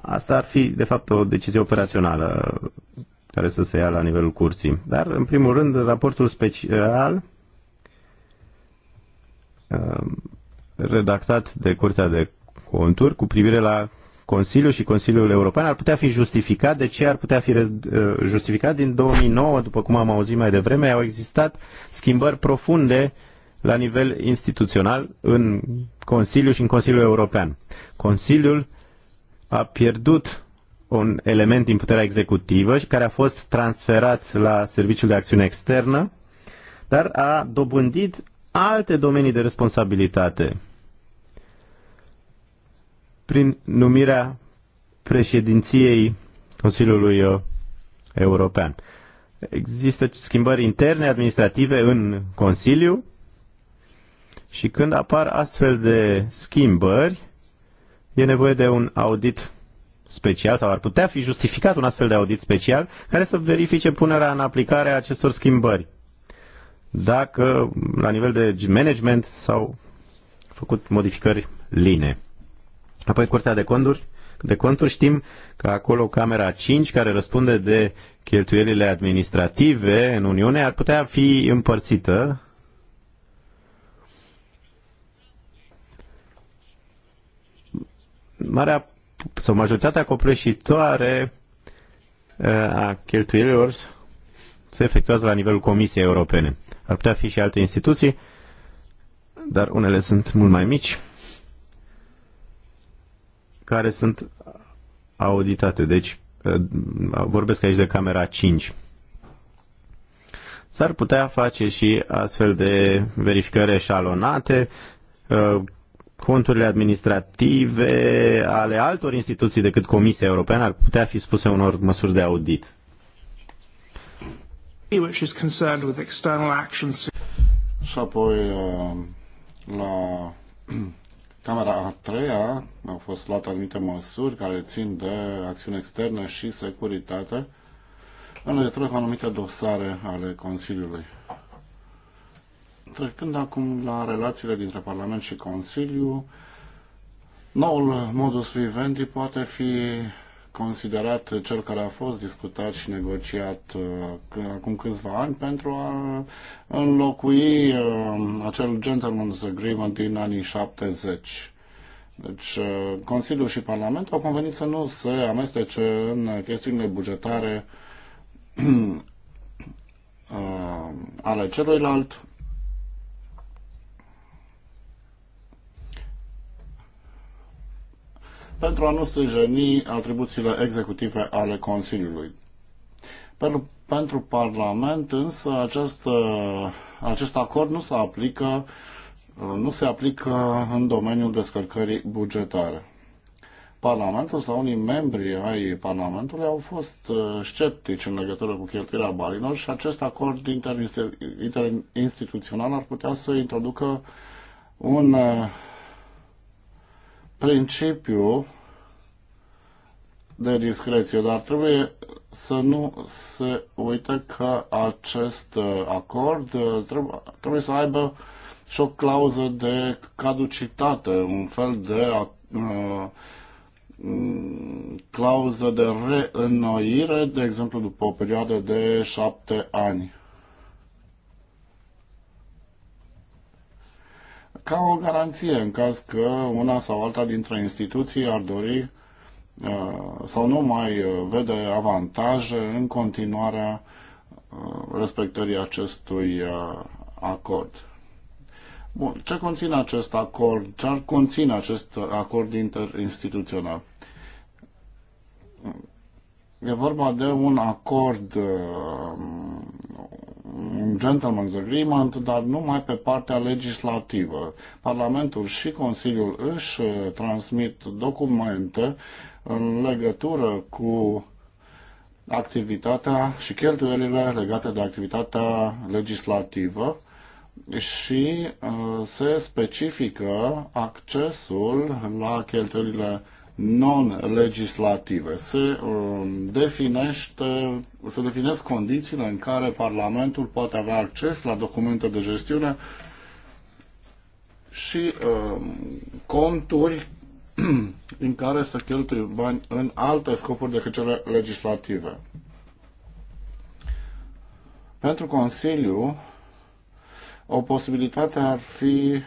Asta ar fi, de fapt, o decizie operațională care să se ia la nivelul curții. Dar, în primul rând, raportul special ehm, redactat de Curtea de Conturi cu privire la Consiliul și Consiliul European ar putea fi justificat. De ce ar putea fi justificat? Din 2009, după cum am auzit mai devreme, au existat schimbări profunde la nivel instituțional în Consiliu și în Consiliul European. Consiliul a pierdut un element din puterea executivă și care a fost transferat la Serviciul de Acțiune Externă, dar a dobândit alte domenii de responsabilitate prin numirea președinției Consiliului uh, European. Există schimbări interne administrative în Consiliu și când apar astfel de schimbări, e nevoie de un audit special sau ar putea fi justificat un astfel de audit special care să verifice punerea în aplicare a acestor schimbări. Dacă la nivel de management s-au făcut modificări line. Apoi Curtea de Conturi, de conturi știm că acolo Camera 5, care răspunde de cheltuielile administrative în Uniune, ar putea fi împărțită marea sau majoritatea copleșitoare eh, a cheltuielilor se efectuează la nivelul Comisiei Europene. Ar putea fi și alte instituții, dar unele sunt mult mai mici, care sunt auditate. Deci, eh, vorbesc aici de camera 5. S-ar putea face și astfel de verificări eșalonate, eh, conturile administrative ale altor instituții decât Comisia Europeană ar putea fi spuse unor măsuri de audit. Și apoi uh, la Camera a treia au fost luate anumite măsuri care țin de acțiune externă și securitate în legătură cu anumite dosare ale Consiliului. Trecând acum la relațiile dintre Parlament și Consiliu, noul modus vivendi poate fi considerat cel care a fost discutat și negociat uh, acum câțiva ani pentru a înlocui uh, acel gentleman's agreement din anii 70. Deci, uh, Consiliul și Parlamentul au convenit să nu se amestece în chestiunile bugetare ale celuilalt. pentru a nu strijeni atribuțiile executive ale Consiliului. Pentru, pentru Parlament însă acest, uh, acest acord nu se aplică uh, nu se aplică în domeniul descărcării bugetare. Parlamentul sau unii membri ai Parlamentului au fost uh, sceptici în legătură cu cheltuirea banilor și acest acord interinstituțional ar putea să introducă un principiu de discreție, dar trebuie să nu se uite că acest uh, acord uh, trebuie, trebuie să aibă și o clauză de caducitate, un fel de uh, mm, clauză de reînnoire, de exemplu, după o perioadă de șapte ani. ca o garanție în caz că una sau alta dintre instituții ar dori uh, sau nu mai uh, vede avantaje în continuarea uh, respectării acestui acord. Bun, ce conține acest acord? Ce ar conține acest acord interinstituțional? E vorba de un acord, un gentleman's agreement, dar numai pe partea legislativă. Parlamentul și Consiliul își uh, transmit documente în legătură cu activitatea și cheltuielile legate de activitatea legislativă și uh, se specifică accesul la cheltuielile non-legislative. Se, um, definește, se definesc condițiile în care Parlamentul poate avea acces la documente de gestiune și um, conturi în care să cheltui bani în alte scopuri decât cele legislative. Pentru Consiliu, o posibilitate ar fi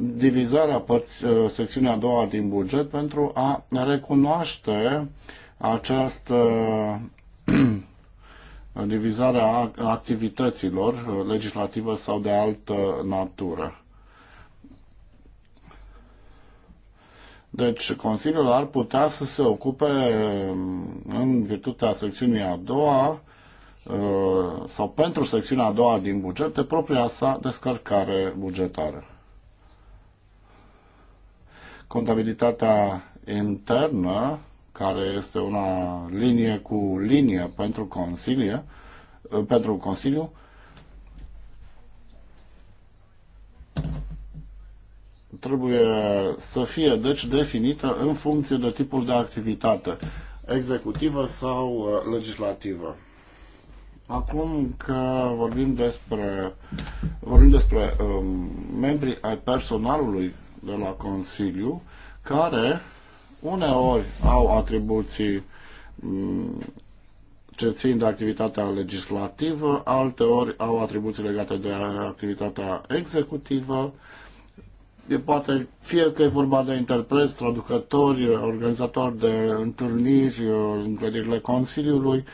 divizarea părți, uh, secțiunea a doua din buget pentru a recunoaște această uh, divizare a activităților uh, legislativă sau de altă natură. Deci Consiliul ar putea să se ocupe um, în virtutea secțiunii a doua sau pentru secțiunea a doua din buget de propria sa descărcare bugetară contabilitatea internă, care este una linie cu linie pentru, consilie, pentru Consiliu, trebuie să fie deci definită în funcție de tipul de activitate executivă sau uh, legislativă. Acum că vorbim despre, vorbim despre um, membrii ai personalului de la Consiliu, care uneori au atribuții mm, ce țin de activitatea legislativă, alteori au atribuții legate de activitatea executivă. E poate fie că e vorba de interpreți, traducători, organizatori de întâlniri în clădirile Consiliului,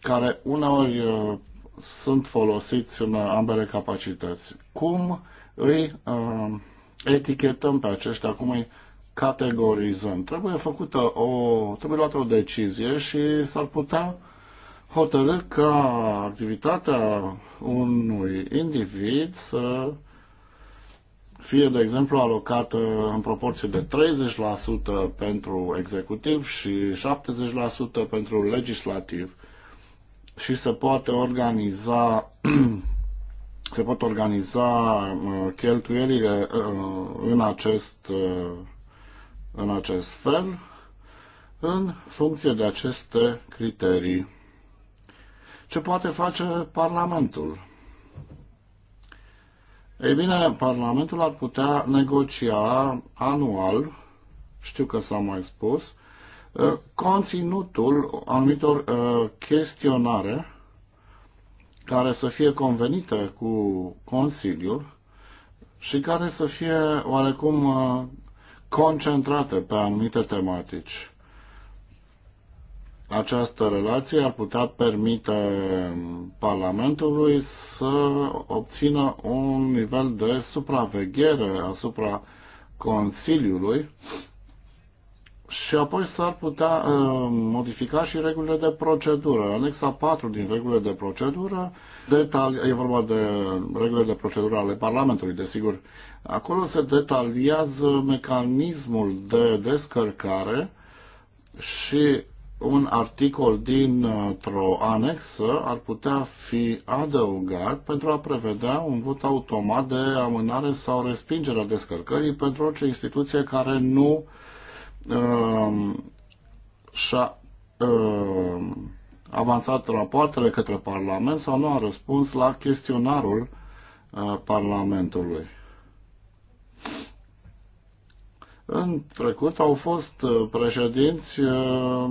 care uneori uh, sunt folosiți în ambele capacități. Cum îi uh, etichetăm pe aceștia, acum îi categorizăm. Trebuie făcută o, trebuie luată o decizie și s-ar putea hotărâ ca activitatea unui individ să fie, de exemplu, alocată în proporție de 30% pentru executiv și 70% pentru legislativ și se poate organiza se pot organiza uh, cheltuielile uh, în acest, uh, în acest fel în funcție de aceste criterii. Ce poate face Parlamentul? Ei bine, Parlamentul ar putea negocia anual, știu că s-a mai spus, conținutul anumitor chestionare care să fie convenite cu Consiliul și care să fie oarecum uh, concentrate pe anumite tematici. Această relație ar putea permite um, Parlamentului să obțină un nivel de supraveghere asupra Consiliului și apoi s-ar putea uh, modifica și regulile de procedură. Anexa 4 din regulile de procedură, detali- e vorba de regulile de procedură ale Parlamentului, desigur. Acolo se detaliază mecanismul de descărcare și un articol dintr-o anexă ar putea fi adăugat pentru a prevedea un vot automat de amânare sau respingere a descărcării pentru orice instituție care nu uh, uh, și-a uh, avansat rapoartele către Parlament sau nu a răspuns la chestionarul uh, Parlamentului. În trecut au fost uh, președinți uh,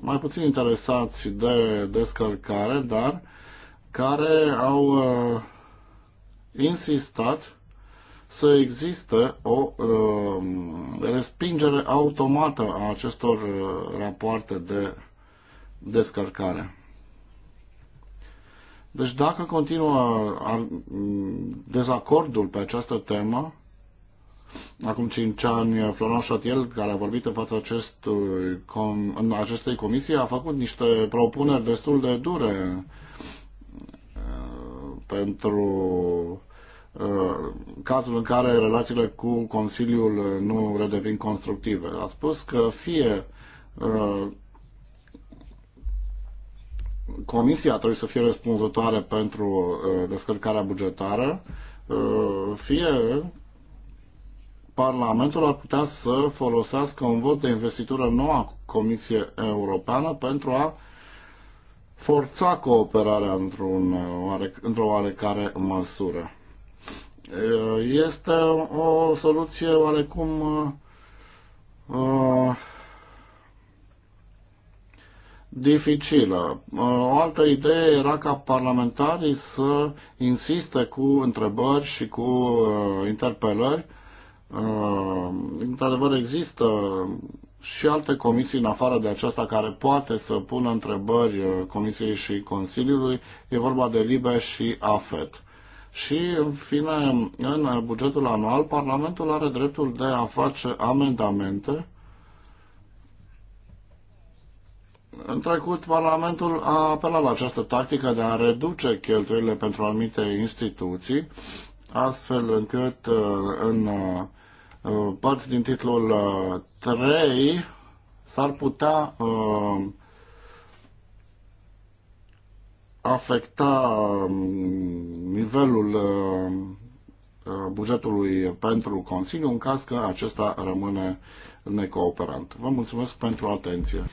mai puțin interesați de descărcare, dar care au uh, insistat să existe o uh, respingere automată a acestor uh, rapoarte de descărcare. Deci dacă continuă dezacordul pe această temă, acum 5 ani Florian Chatiel, care a vorbit în fața acestui, com, în acestei comisii, a făcut niște propuneri destul de dure uh, pentru Uh, cazul în care relațiile cu Consiliul uh, nu redevin constructive. A spus că fie uh, Comisia trebuie să fie răspunzătoare pentru descărcarea bugetară, fie Parlamentul ar putea să folosească un vot de investitură noua Comisie Europeană pentru a forța cooperarea într-un, într-o oarecare măsură. Eh, este o soluție oarecum uh, dificilă. Eh, o altă idee era ca parlamentarii să insiste cu întrebări și cu uh, interpelări. Uh, într-adevăr, există și alte comisii în afară de aceasta care poate să pună întrebări Comisiei și Consiliului. E vorba de LIBE și AFET. Și, în fine, în bugetul anual, Parlamentul are dreptul de a face amendamente. În trecut, Parlamentul a apelat la această tactică de a reduce cheltuielile pentru anumite instituții, astfel încât uh, în uh, părți din titlul 3 uh, s-ar putea uh, afecta um, nivelul um, uh, bugetului pentru Consiliu în caz că acesta rămâne necooperant. Vă mulțumesc pentru atenție.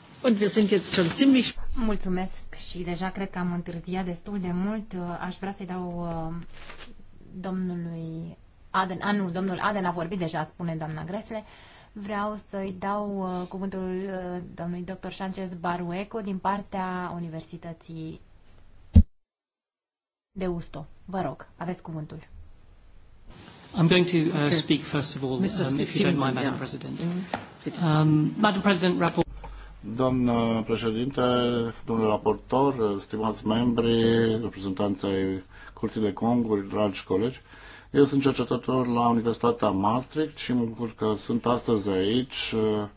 Mulțumesc și deja cred că am întârziat destul de mult. Aș vrea să-i dau uh, domnului Aden, a nu, domnul Aden a vorbit deja, spune doamna Gresle. Vreau să-i dau uh, cuvântul domnului dr. Sanchez Barueco din partea Universității de Usto. Vă rog, aveți cuvântul. I'm going to uh, speak first of all, um, if you don't mind, Madam President. Mm-hmm. Um, Madam President, rapport... Doamnă președinte, domnule raportor, stimați membri, ai Curții de Conguri, dragi colegi, eu sunt cercetător la Universitatea Maastricht și mă bucur că sunt astăzi aici uh,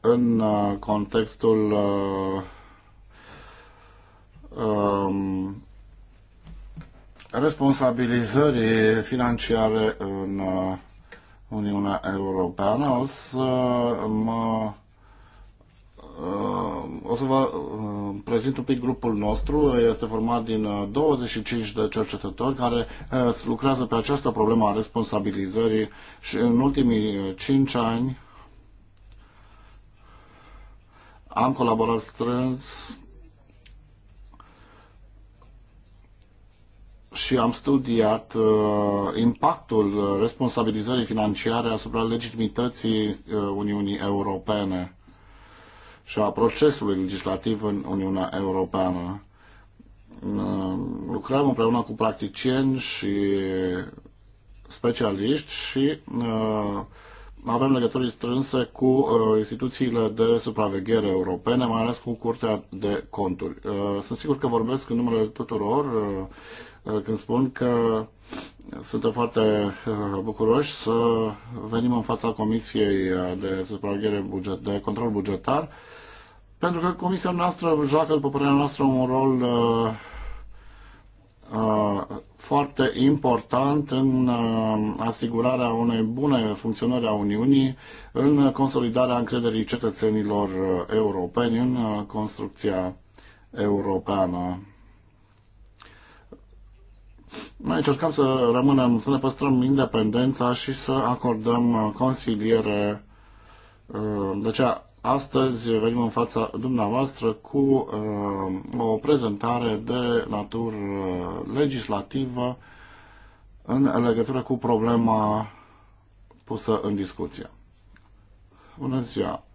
în uh, contextul uh, responsabilizării financiare în uh, Uniunea Europeană. O să uh, mă uh, o să vă prezint un pic grupul nostru. Este format din 25 de cercetători care lucrează pe această problemă a responsabilizării și în ultimii 5 ani am colaborat strâns și am studiat uh, impactul responsabilizării financiare asupra legitimității uh, Uniunii Europene și a procesului legislativ în Uniunea Europeană. Uh, lucrăm împreună cu practicieni și specialiști și uh, avem legături strânse cu uh, instituțiile de supraveghere europene, mai ales cu Curtea de Conturi. Uh, sunt sigur că vorbesc în numele tuturor. Uh, Eh, când spun că suntem foarte eh, bucuroși să venim în fața Comisiei eh, de Supraveghere buget, de Control Bugetar, pentru că Comisia noastră joacă, după părerea noastră, un rol uh, uh, foarte important în uh, asigurarea unei bune funcționări a Uniunii, în consolidarea încrederii cetățenilor europeni în construcția europeană. Noi încercăm să rămânem, să ne păstrăm independența și să acordăm uh, consiliere. Uh, de deci aceea, astăzi venim în fața dumneavoastră cu uh, o prezentare de natură legislativă în legătură cu problema pusă în discuție. Bună ziua!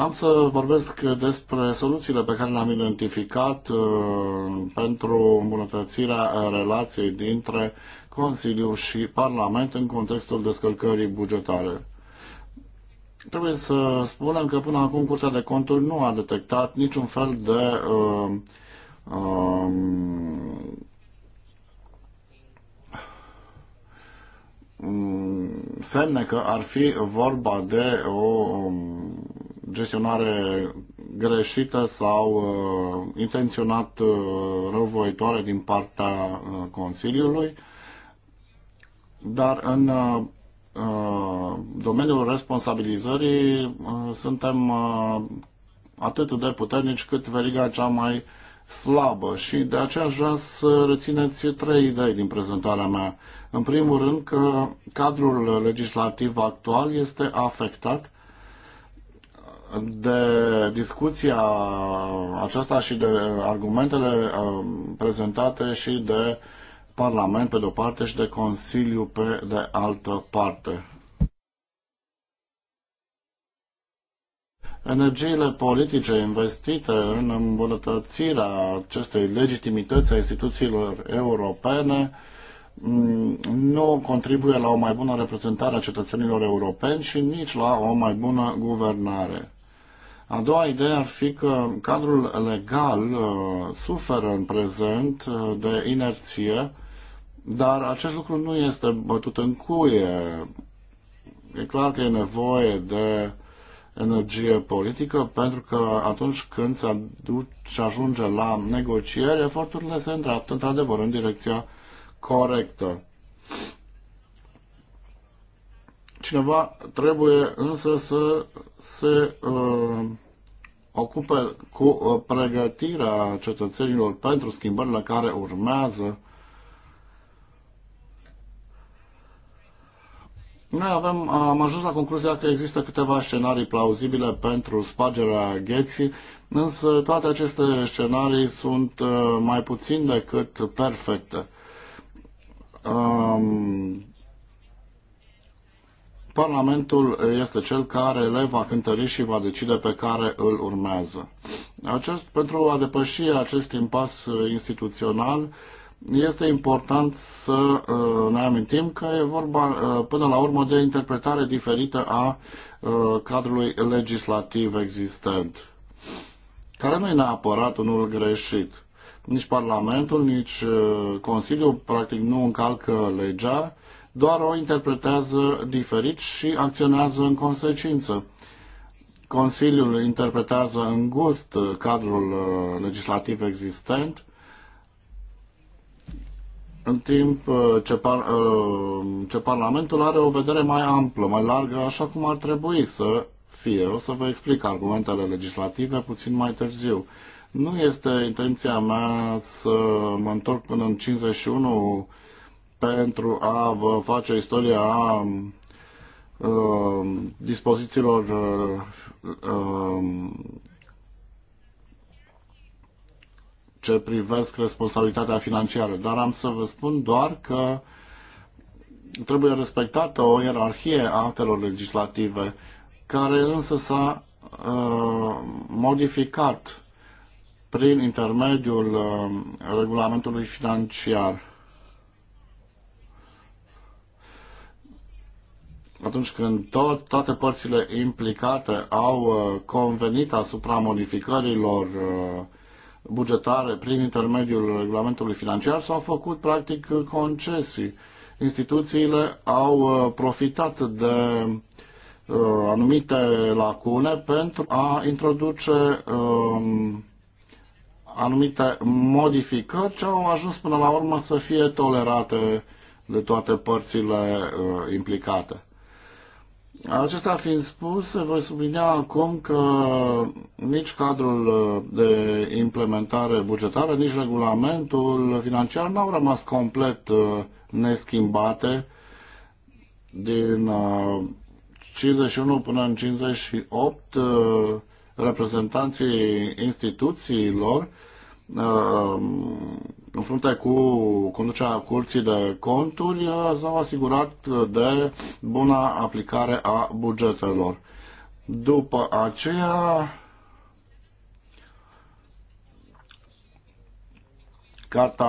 Am să vorbesc despre soluțiile pe care le-am identificat uh, pentru îmbunătățirea uh, relației dintre Consiliu și Parlament în contextul descărcării bugetare. Trebuie să spunem că până acum Curtea de Conturi nu a detectat niciun fel de uh, uh, semne că ar fi vorba de o um, gestionare greșită sau uh, intenționat uh, răvoitoare din partea uh, Consiliului, dar în uh, uh, domeniul responsabilizării uh, suntem uh, atât de puternici cât veriga cea mai slabă și de aceea aș vrea să rețineți trei idei din prezentarea mea. În primul rând că cadrul legislativ actual este afectat de discuția aceasta și de argumentele uh, prezentate și de Parlament pe de-o parte și de Consiliu pe de altă parte. Energiile politice investite în îmbunătățirea acestei legitimități a instituțiilor europene mm, nu contribuie la o mai bună reprezentare a cetățenilor europeni și nici la o mai bună guvernare. A doua idee ar fi că cadrul legal uh, suferă în prezent uh, de inerție, dar acest lucru nu este bătut în cuie. E clar că e nevoie de energie politică, pentru că atunci când se, aduce, ajunge la negocieri, eforturile se îndreaptă într-adevăr în direcția corectă. Cineva trebuie însă să se uh, ocupe cu uh, pregătirea cetățenilor pentru schimbările care urmează. Noi avem, am ajuns la concluzia că există câteva scenarii plauzibile pentru spargerea gheții, însă toate aceste scenarii sunt uh, mai puțin decât perfecte. Um, Parlamentul este cel care le va cântări și va decide pe care îl urmează. Acest, pentru a depăși acest impas instituțional, este important să uh, ne amintim că e vorba uh, până la urmă de interpretare diferită a uh, cadrului legislativ existent, care nu e neapărat unul greșit. Nici Parlamentul, nici Consiliul, practic, nu încalcă legea, doar o interpretează diferit și acționează în consecință. Consiliul interpretează în gust cadrul uh, legislativ existent, în timp uh, ce, par, uh, ce Parlamentul are o vedere mai amplă, mai largă, așa cum ar trebui să fie. O să vă explic argumentele legislative puțin mai târziu. Nu este intenția mea să mă întorc până în 51 pentru a vă face istoria a uh, dispozițiilor uh, uh, ce privesc responsabilitatea financiară, dar am să vă spun doar că trebuie respectată o ierarhie a actelor legislative, care însă s-a modificat prin intermediul regulamentului financiar. atunci când tot, toate părțile implicate au uh, convenit asupra modificărilor uh, bugetare prin intermediul regulamentului financiar, s-au făcut practic concesii. Instituțiile au uh, profitat de anumite lacune pentru a introduce um, anumite modificări ce au ajuns până la urmă să fie tolerate de toate părțile implicate. Acesta fiind spus, voi sublinia acum că nici cadrul de implementare bugetară, nici regulamentul financiar n-au rămas complet uh, neschimbate din 51 uh, până în 58 uh, reprezentanții instituțiilor în frunte cu conducerea curții de conturi, s-au asigurat de buna aplicare a bugetelor. După aceea, Carta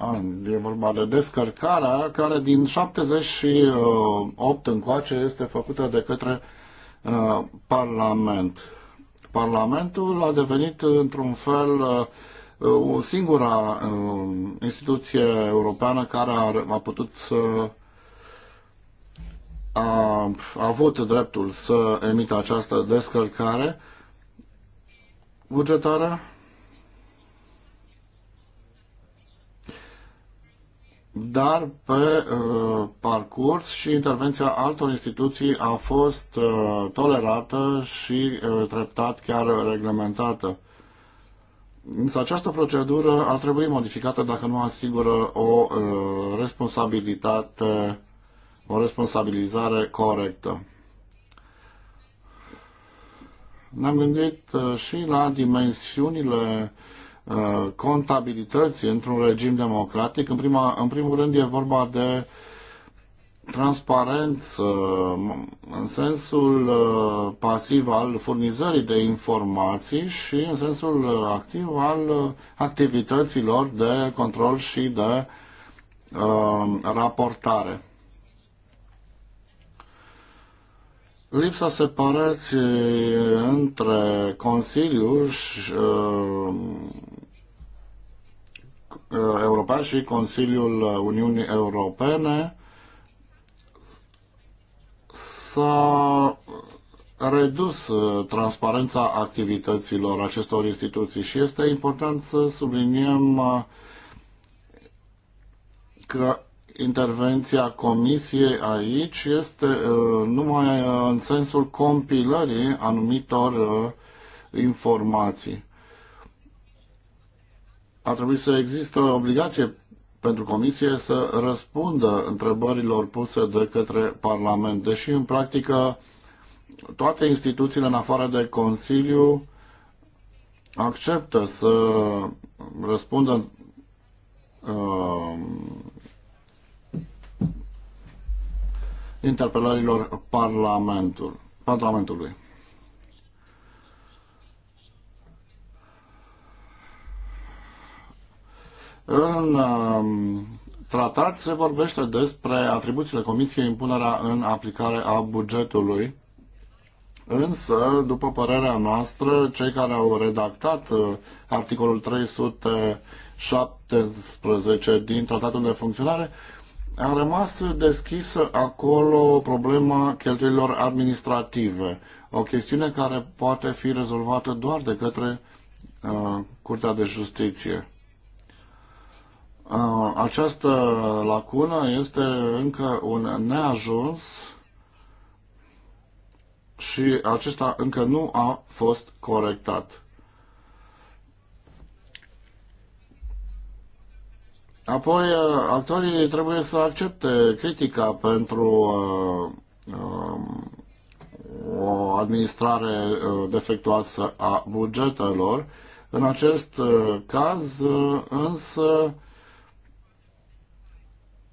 A, e vorba de descărcarea care din 78 uh, încoace este făcută de către Uh, Parlament. Parlamentul a devenit uh, într-un fel uh, o singura instituție europeană care a, a putut să a, a avut dreptul să emită această descărcare bugetară dar pe uh, parcurs și intervenția altor instituții a fost uh, tolerată și uh, treptat chiar reglementată. Însă această procedură ar trebui modificată dacă nu asigură o uh, responsabilitate, o responsabilizare corectă. Ne-am gândit uh, și la dimensiunile uh, Uh, contabilității într-un regim democratic. În, prima, în primul rând e vorba de transparență în sensul uh, pasiv al furnizării de informații și în sensul uh, activ al activităților de control și de uh, raportare. Lipsa separației între Consiliu și, uh, Uh, european și Consiliul Uniunii Europene s-a redus uh, transparența activităților acestor instituții și este important să subliniem uh, că intervenția Comisiei aici este numai în sensul compilării anumitor informații ar trebui să există obligație pentru Comisie să răspundă întrebărilor puse de către Parlament, deși în practică toate instituțiile în afară de Consiliu acceptă să răspundă uh, interpelărilor Parlamentul, Parlamentului. În um, tratat se vorbește despre atribuțiile Comisiei în punerea în aplicare a bugetului, însă, după părerea noastră, cei care au redactat uh, articolul 317 din tratatul de funcționare a rămas deschisă acolo problema cheltuielilor administrative, o chestiune care poate fi rezolvată doar de către uh, Curtea de Justiție. Uh, această lacună este încă un neajuns și acesta încă nu a fost corectat. Apoi, uh, actorii trebuie să accepte critica pentru uh, uh, o administrare uh, defectuoasă a bugetelor. În acest caz, uh, însă, uh,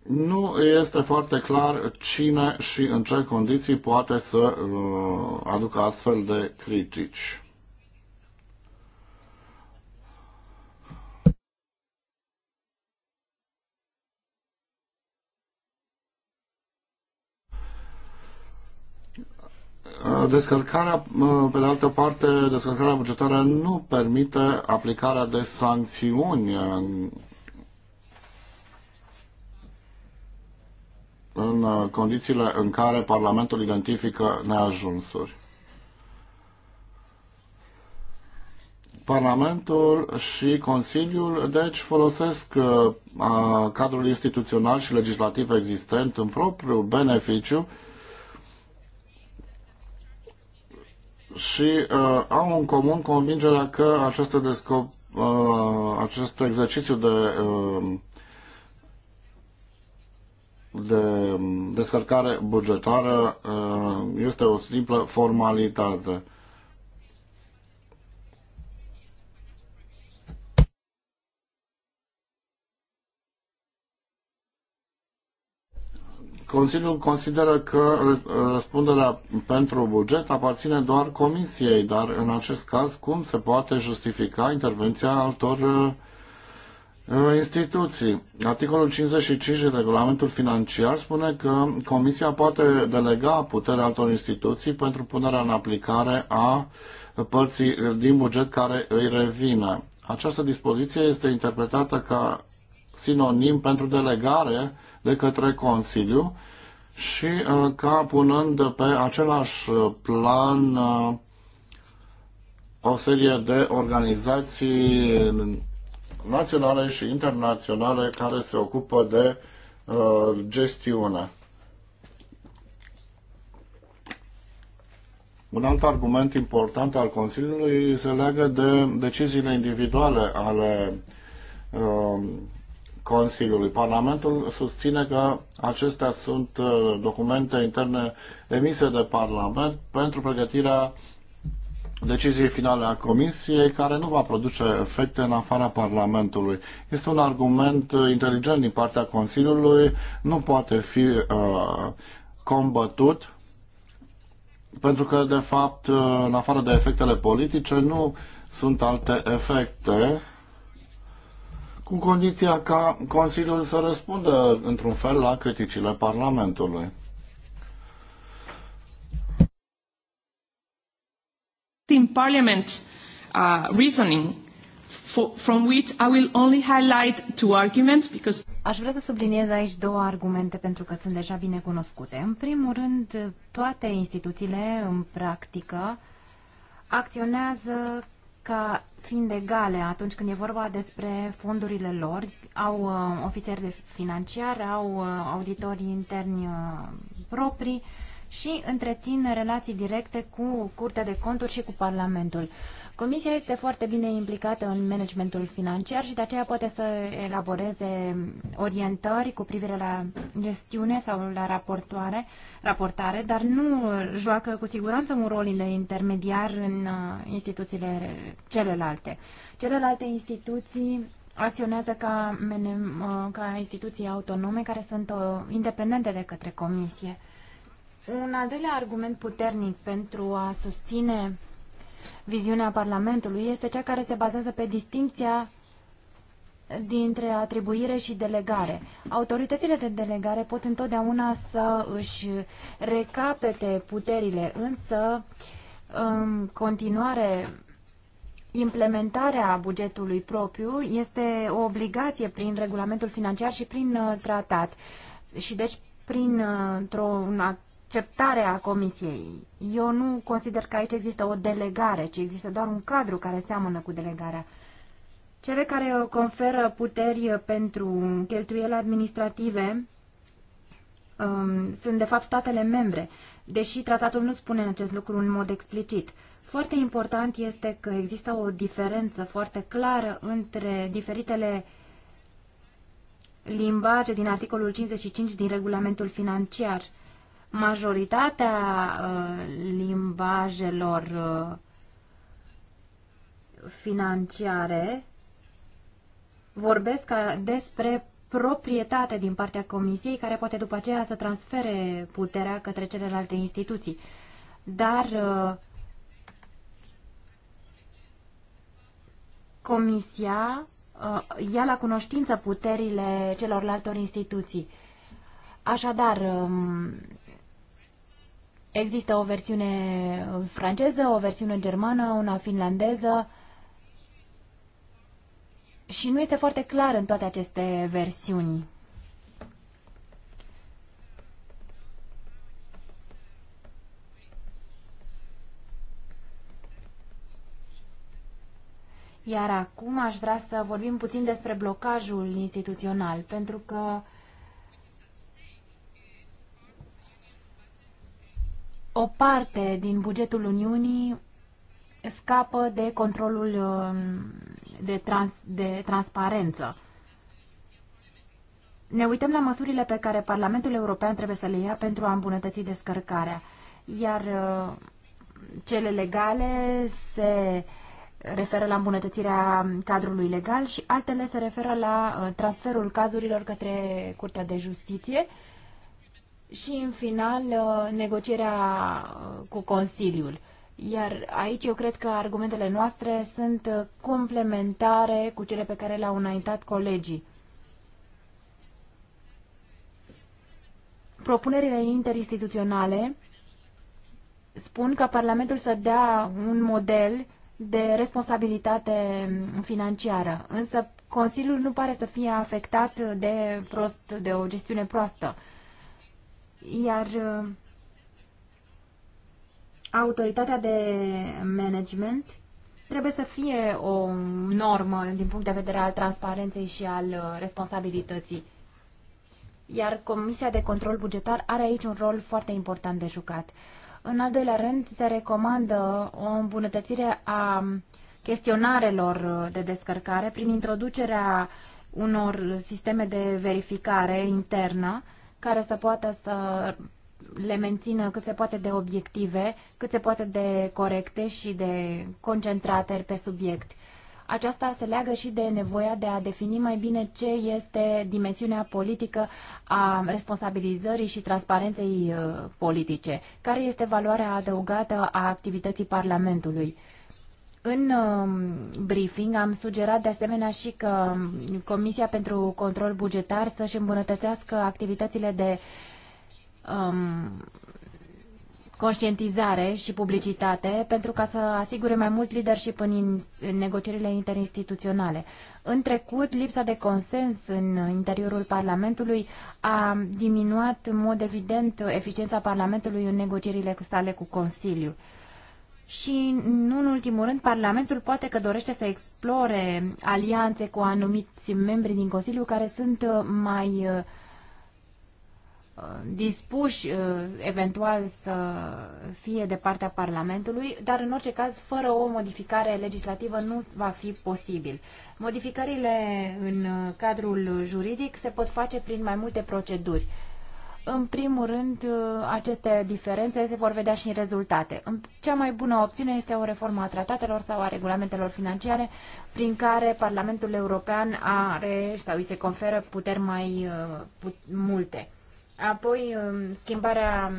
nu este foarte clar cine și în ce condiții poate să uh, aducă astfel de critici. Uh, descărcarea, uh, pe de altă parte, descărcarea bugetară nu permite aplicarea de sancțiuni în uh, condițiile în care Parlamentul identifică neajunsuri. Parlamentul și Consiliul, deci, folosesc uh, cadrul instituțional și legislativ existent în propriu beneficiu și uh, au în comun convingerea că aceste, descop, uh, acest exercițiu de uh, de descărcare bugetară uh, este o simplă formalitate. Consiliul consideră că răspunderea pentru buget aparține doar Comisiei, dar în acest caz cum se poate justifica intervenția altor uh, instituții. Articolul 55 din regulamentul financiar spune că Comisia poate delega puterea altor instituții pentru punerea în aplicare a părții din buget care îi revine. Această dispoziție este interpretată ca sinonim pentru delegare de către Consiliu și uh, ca punând pe același uh, plan uh, o serie de organizații naționale și internaționale care se ocupă de uh, gestiune. Un alt argument important al Consiliului se leagă de deciziile individuale ale uh, Consiliului. Parlamentul susține că acestea sunt uh, documente interne emise de Parlament pentru pregătirea decizie finale a Comisiei care nu va produce efecte în afara Parlamentului. Este un argument uh, inteligent din partea Consiliului, nu poate fi uh, combătut pentru că, de fapt, uh, în afară de efectele politice, nu sunt alte efecte cu condiția ca Consiliul să răspundă într-un fel la criticile Parlamentului. in Parliament's uh, reasoning, for, from which I will only highlight two arguments because. Aș vrea să subliniez aici două argumente pentru că sunt deja bine cunoscute. În primul rând, toate instituțiile în practică acționează ca fiind egale atunci când e vorba despre fondurile lor. Au uh, ofițeri de au uh, auditorii interni uh, proprii, uh, și întrețin relații directe cu Curtea de Conturi și cu Parlamentul. Comisia este foarte bine implicată în managementul financiar și de aceea poate să elaboreze orientări cu privire la gestiune sau la raportoare, raportare, dar nu joacă cu siguranță un rol de intermediar în uh, instituțiile celelalte. Celelalte instituții acționează ca, uh, ca instituții autonome care sunt uh, independente de către comisie. Un al doilea argument puternic pentru a susține viziunea Parlamentului este cea care se bazează pe distinția dintre atribuire și delegare. Autoritățile de delegare pot întotdeauna să își recapete puterile, însă în continuare implementarea bugetului propriu este o obligație prin regulamentul financiar și prin uh, tratat. Și deci prin uh, un acceptare a Comisiei. Eu nu consider că aici există o delegare, ci există doar un cadru care seamănă cu delegarea. Cele care conferă puteri pentru cheltuieli administrative um, sunt, de fapt, statele membre, deși tratatul nu spune acest lucru în mod explicit. Foarte important este că există o diferență foarte clară între diferitele limbaje din articolul 55 din regulamentul financiar – majoritatea uh, limbajelor uh, financiare vorbesc despre proprietate din partea Comisiei, care poate după aceea să transfere puterea către celelalte instituții. Dar uh, Comisia ia la cunoștință puterile celorlalte instituții. Așadar, um, Există o versiune franceză, o versiune germană, una finlandeză și nu este foarte clar în toate aceste versiuni. Iar acum aș vrea să vorbim puțin despre blocajul instituțional, pentru că o parte din bugetul Uniunii scapă de controlul um, de, trans, de transparență. Ne uităm la măsurile pe care Parlamentul European trebuie să le ia pentru a îmbunătăți descărcarea, iar uh, cele legale se referă la îmbunătățirea cadrului legal și altele se referă la uh, transferul cazurilor către Curtea de Justiție și, în final, uh, negocierea uh, cu Consiliul. Iar aici eu cred că argumentele noastre sunt uh, complementare cu cele pe care le-au înaintat colegii. Propunerile interinstituționale spun ca Parlamentul să dea un model de responsabilitate financiară, însă Consiliul nu pare să fie afectat de, prost, de o gestiune proastă. Iar uh, autoritatea de management trebuie să fie o normă din punct de vedere al transparenței și al uh, responsabilității. Iar Comisia de Control Bugetar are aici un rol foarte important de jucat. În al doilea rând, se recomandă o îmbunătățire a chestionarelor uh, de descărcare prin introducerea unor sisteme de verificare internă care să poată să le mențină cât se poate de obiective, cât se poate de corecte și de concentrate pe subiect. Aceasta se leagă și de nevoia de a defini mai bine ce este dimensiunea politică a responsabilizării și transparenței uh, politice, care este valoarea adăugată a activității Parlamentului. În um, briefing am sugerat de asemenea și că um, Comisia pentru Control Bugetar să-și îmbunătățească activitățile de um, conștientizare și publicitate pentru ca să asigure mai mult leadership în, în negocierile interinstituționale. În trecut, lipsa de consens în interiorul Parlamentului a diminuat în mod evident eficiența Parlamentului în negocierile sale cu Consiliu și, nu în ultimul rând, Parlamentul poate că dorește să explore alianțe cu anumiți membri din Consiliu care sunt uh, mai uh, uh, dispuși eventual să fie de partea Parlamentului, dar în orice caz, fără o modificare legislativă, nu va fi posibil. Modificările în cadrul juridic se pot face prin mai multe proceduri. În primul rând, uh, aceste diferențe se vor vedea și în rezultate. Cea mai bună opțiune este o reformă a tratatelor sau a regulamentelor financiare prin care Parlamentul European are sau îi se conferă puteri mai uh, put, multe. Apoi, um, schimbarea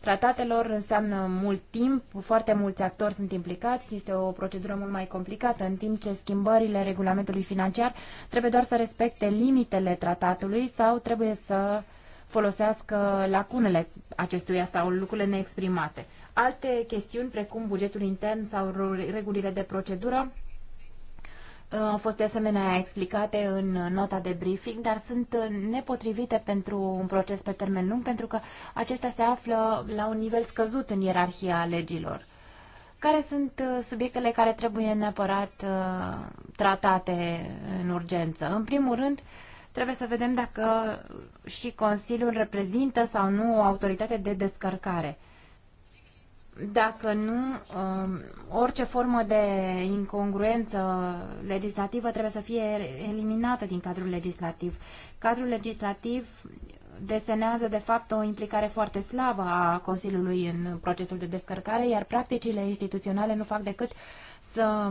tratatelor înseamnă mult timp, foarte mulți actori sunt implicați, este o procedură mult mai complicată, în timp ce schimbările regulamentului financiar trebuie doar să respecte limitele tratatului sau trebuie să uh, folosească lacunele acestuia sau lucrurile neexprimate. Alte chestiuni, precum bugetul intern sau regulile de procedură, uh, au fost de asemenea explicate în nota de briefing, dar sunt nepotrivite pentru un proces pe termen lung, pentru că acestea se află la un nivel scăzut în ierarhia legilor. Care sunt uh, subiectele care trebuie neapărat uh, tratate în urgență? În primul rând, Trebuie să vedem dacă și Consiliul reprezintă sau nu o autoritate de descărcare. Dacă nu, um, orice formă de incongruență legislativă trebuie să fie eliminată din cadrul legislativ. Cadrul legislativ desenează, de fapt, o implicare foarte slabă a Consiliului în procesul de descărcare, iar practicile instituționale nu fac decât să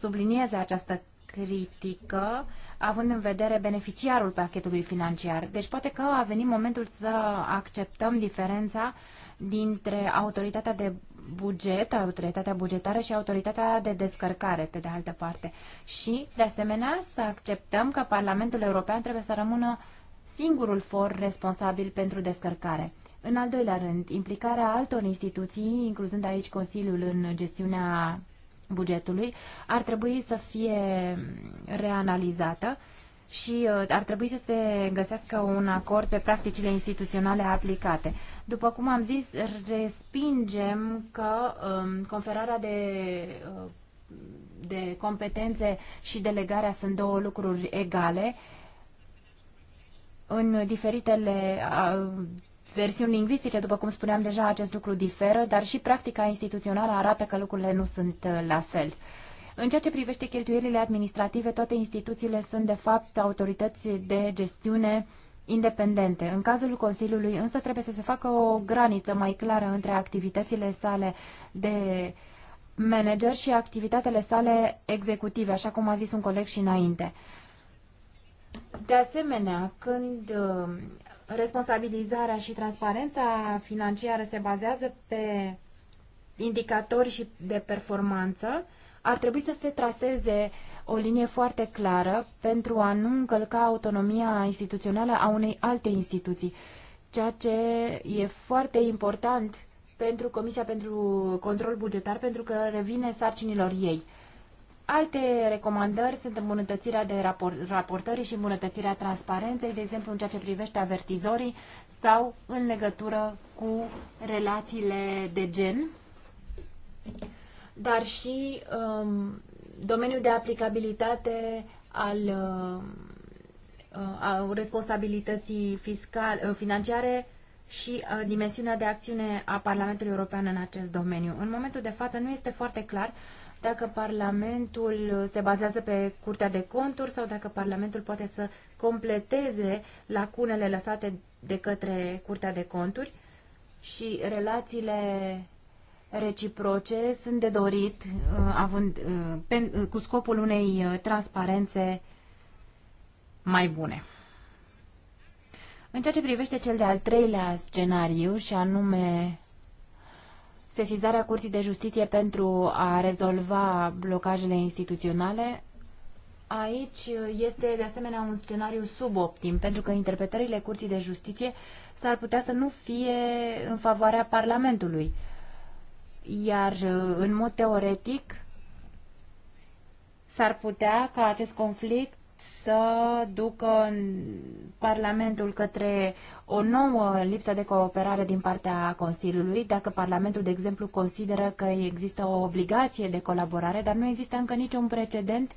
sublinieze această critică având în vedere beneficiarul pachetului financiar. Deci poate că a venit momentul să acceptăm diferența dintre autoritatea de buget, autoritatea bugetară și autoritatea de descărcare, pe de altă parte. Și, de asemenea, să acceptăm că Parlamentul European trebuie să rămână singurul for responsabil pentru descărcare. În al doilea rând, implicarea altor instituții, incluzând aici Consiliul în gestiunea bugetului ar trebui să fie reanalizată și uh, ar trebui să se găsească un acord pe practicile instituționale aplicate. După cum am zis, respingem că um, conferarea de, uh, de competențe și delegarea sunt două lucruri egale în diferitele uh, versiuni lingvistice, după cum spuneam deja, acest lucru diferă, dar și practica instituțională arată că lucrurile nu sunt uh, la fel. În ceea ce privește cheltuielile administrative, toate instituțiile sunt de fapt autorități de gestiune independente. În cazul Consiliului însă trebuie să se facă o graniță mai clară între activitățile sale de manager și activitatele sale executive, așa cum a zis un coleg și înainte. De asemenea, când uh, responsabilizarea și transparența financiară se bazează pe indicatori și de performanță, ar trebui să se traseze o linie foarte clară pentru a nu încălca autonomia instituțională a unei alte instituții, ceea ce e foarte important pentru Comisia pentru Control Bugetar, pentru că revine sarcinilor ei. Alte recomandări sunt îmbunătățirea de raport, raportării și îmbunătățirea transparenței, de exemplu în ceea ce privește avertizorii sau în legătură cu relațiile de gen, dar și um, domeniul de aplicabilitate al uh, a responsabilității fiscal, uh, financiare și uh, dimensiunea de acțiune a Parlamentului European în acest domeniu. În momentul de față nu este foarte clar uh, dacă Parlamentul se bazează pe Curtea de Conturi sau dacă Parlamentul poate să completeze lacunele lăsate de către Curtea de Conturi și relațiile reciproce sunt de dorit uh, având, uh, uh, cu scopul unei transparențe mai bune. În ceea ce privește cel de-al treilea scenariu și anume sesizarea Curții de Justiție pentru a rezolva blocajele instituționale, aici este de asemenea un scenariu suboptim, pentru că interpretările Curții de Justiție s-ar putea să nu fie în favoarea Parlamentului. Iar, în mod teoretic, s-ar putea ca acest conflict să ducă Parlamentul către o nouă lipsă de cooperare din partea Consiliului, dacă Parlamentul, de exemplu, consideră că există o obligație de colaborare, dar nu există încă niciun precedent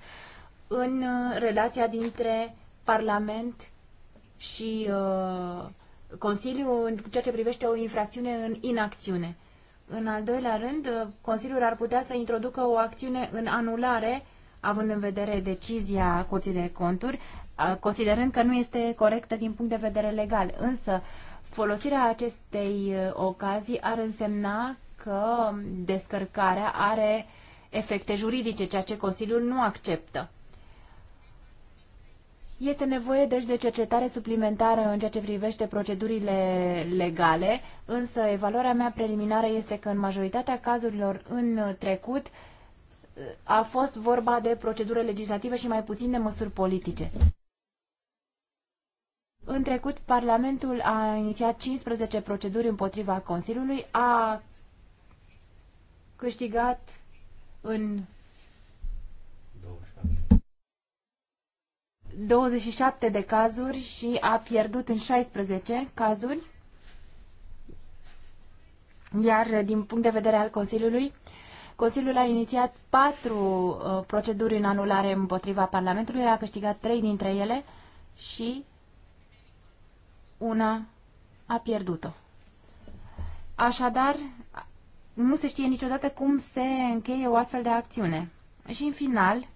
în uh, relația dintre Parlament și uh, Consiliu în ceea ce privește o infracțiune în inacțiune. În al doilea rând, uh, Consiliul ar putea să introducă o acțiune în anulare uh, având în vedere decizia Curții de Conturi, considerând că nu este corectă din punct de vedere legal. Însă, folosirea acestei ocazii ar însemna că descărcarea are efecte juridice, ceea ce Consiliul nu acceptă. Este nevoie deci de cercetare suplimentară în ceea ce privește procedurile legale, însă evaluarea mea preliminară este că în majoritatea cazurilor în trecut a fost vorba de procedură legislativă și mai puțin de măsuri politice. În trecut, Parlamentul a inițiat 15 proceduri împotriva Consiliului, a câștigat în 27 de cazuri și a pierdut în 16 cazuri. Iar din punct de vedere al Consiliului, Consiliul a inițiat patru uh, proceduri în anulare împotriva Parlamentului, a câștigat trei dintre ele și una a pierdut-o. Așadar, nu se știe niciodată cum se încheie o astfel de acțiune. Și în final,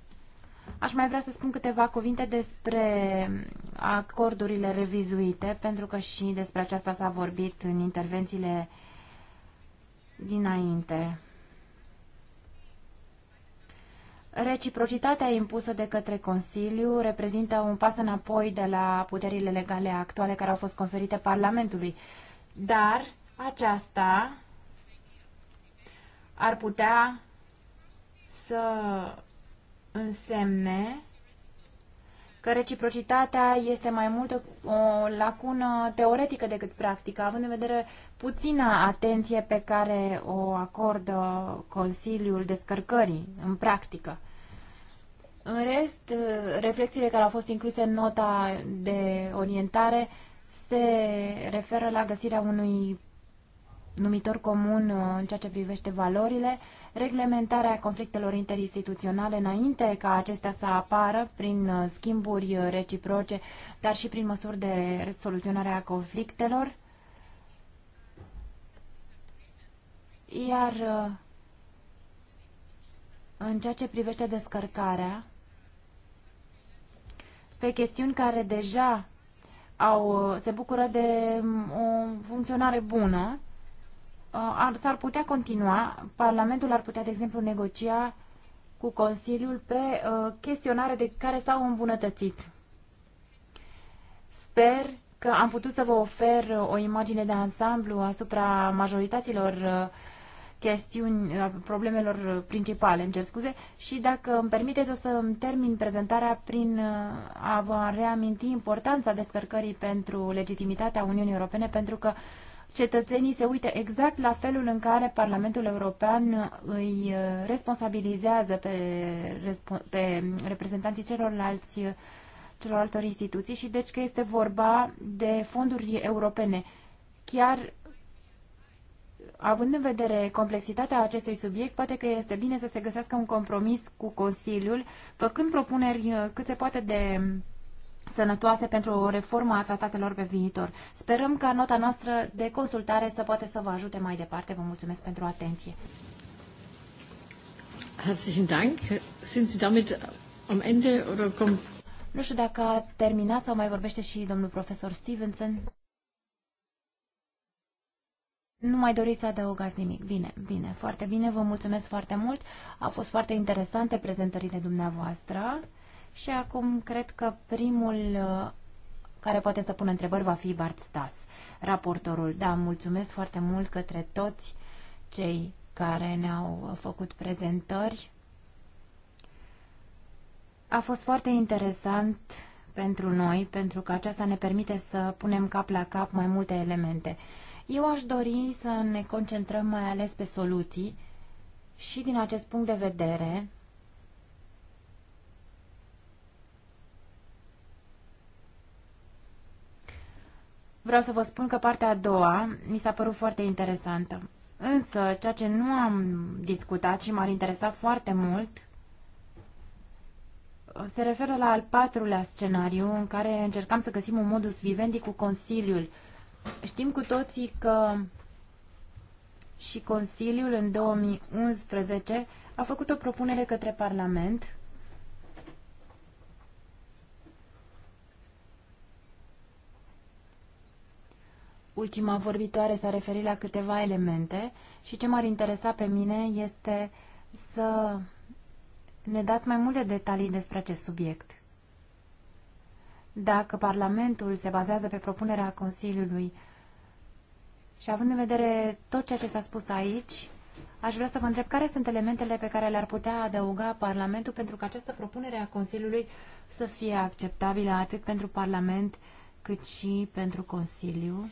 aș mai vrea să spun câteva cuvinte despre acordurile revizuite, pentru că și despre aceasta s-a vorbit în intervențiile dinainte. Reciprocitatea impusă de către Consiliu reprezintă un pas înapoi de la puterile legale actuale care au fost conferite Parlamentului, dar aceasta ar putea să însemne că reciprocitatea este mai mult o, lacună teoretică decât practică, având în vedere puțina atenție pe care o acordă Consiliul Descărcării în practică. În rest, reflexiile care au fost incluse în nota de orientare se referă la găsirea unui numitor comun uh, în ceea ce privește valorile, reglementarea conflictelor interinstituționale înainte ca acestea să apară prin uh, schimburi uh, reciproce, dar și prin măsuri de resoluționare a conflictelor. Iar în ceea ce privește descărcarea, pe chestiuni care deja au, se bucură de um, o funcționare bună, Uh, s-ar putea continua, Parlamentul ar putea, de exemplu, negocia cu Consiliul pe uh, chestionare de care s-au îmbunătățit. Sper că am putut să vă ofer uh, o imagine de ansamblu asupra majorităților chestiuni, problemelor principale, îmi cer scuze, și dacă îmi permiteți o să îmi termin prezentarea prin a vă reaminti importanța descărcării pentru legitimitatea Uniunii Europene, pentru că uh, cetățenii se uită exact la felul în care Parlamentul European îi uh, responsabilizează pe, pe reprezentanții celorlalți uh, celorlaltor instituții și deci că este vorba de fonduri europene. Chiar având în vedere complexitatea acestui subiect, poate că este bine să se găsească un compromis cu Consiliul, făcând propuneri uh, cât se poate de sănătoase pentru o reformă a tratatelor pe viitor. Sperăm ca nota noastră de consultare să poate să vă ajute mai departe. Vă mulțumesc pentru atenție. Herzlichen Dank. Sind Sie damit am Ende oder kommt... Nu știu dacă a terminat sau mai vorbește și domnul profesor Stevenson. Nu mai doriți să adăugați nimic. Bine, bine, foarte bine. Vă mulțumesc foarte mult. A fost foarte interesante prezentările dumneavoastră. Și acum cred că primul uh, care poate să pună întrebări va fi Bart Stas, raportorul. Da, mulțumesc foarte mult către toți cei care ne-au făcut prezentări. A fost foarte interesant pentru noi, pentru că aceasta ne permite să punem cap la cap mai multe elemente. Eu aș dori să ne concentrăm mai ales pe soluții și din acest punct de vedere vreau să vă spun că partea a doua mi s-a părut foarte interesantă. Însă, ceea ce nu am discutat și m-ar interesa foarte mult se referă la al patrulea scenariu în care încercam să găsim un modus vivendi cu Consiliul. Știm cu toții că și Consiliul în 2011 a făcut o propunere către Parlament Ultima vorbitoare s-a referit la câteva elemente și ce m-ar interesa pe mine este să ne dați mai multe detalii despre acest subiect. Dacă Parlamentul se bazează pe propunerea Consiliului și având în vedere tot ceea ce s-a spus aici, aș vrea să vă întreb care sunt elementele pe care le-ar putea adăuga Parlamentul pentru că această propunere a Consiliului să fie acceptabilă atât pentru Parlament cât și pentru Consiliu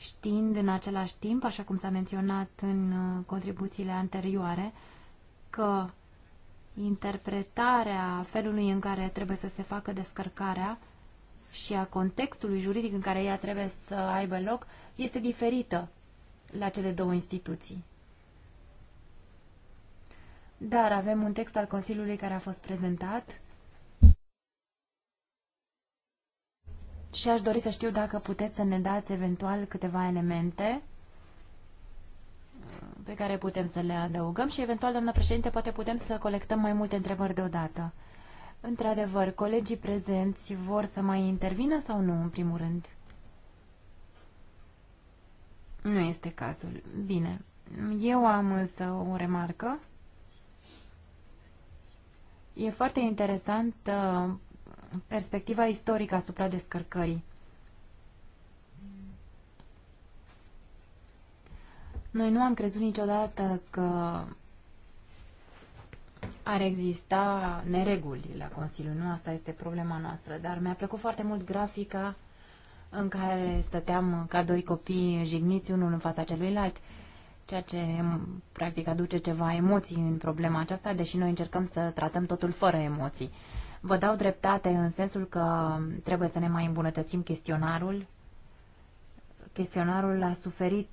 știind în același timp, așa cum s-a menționat în uh, contribuțiile anterioare, că interpretarea felului în care trebuie să se facă descărcarea și a contextului juridic în care ea trebuie să aibă loc este diferită la cele două instituții. Dar avem un text al Consiliului care a fost prezentat și aș dori să știu dacă puteți să ne dați eventual câteva elemente uh, pe care putem să le adăugăm și eventual, doamnă președinte, poate putem să colectăm mai multe întrebări deodată. Într-adevăr, colegii prezenți vor să mai intervină sau nu, în primul rând? Nu este cazul. Bine. Eu am însă o remarcă. E foarte interesant perspectiva istorică asupra descărcării. Noi nu am crezut niciodată că ar exista nereguli la Consiliu. Nu asta este problema noastră, dar mi-a plăcut foarte mult grafica în care stăteam ca doi copii jigniți unul în fața celuilalt, ceea ce practic aduce ceva emoții în problema aceasta, deși noi încercăm să tratăm totul fără emoții. Vă dau dreptate în sensul că trebuie să ne mai îmbunătățim chestionarul. Chestionarul a suferit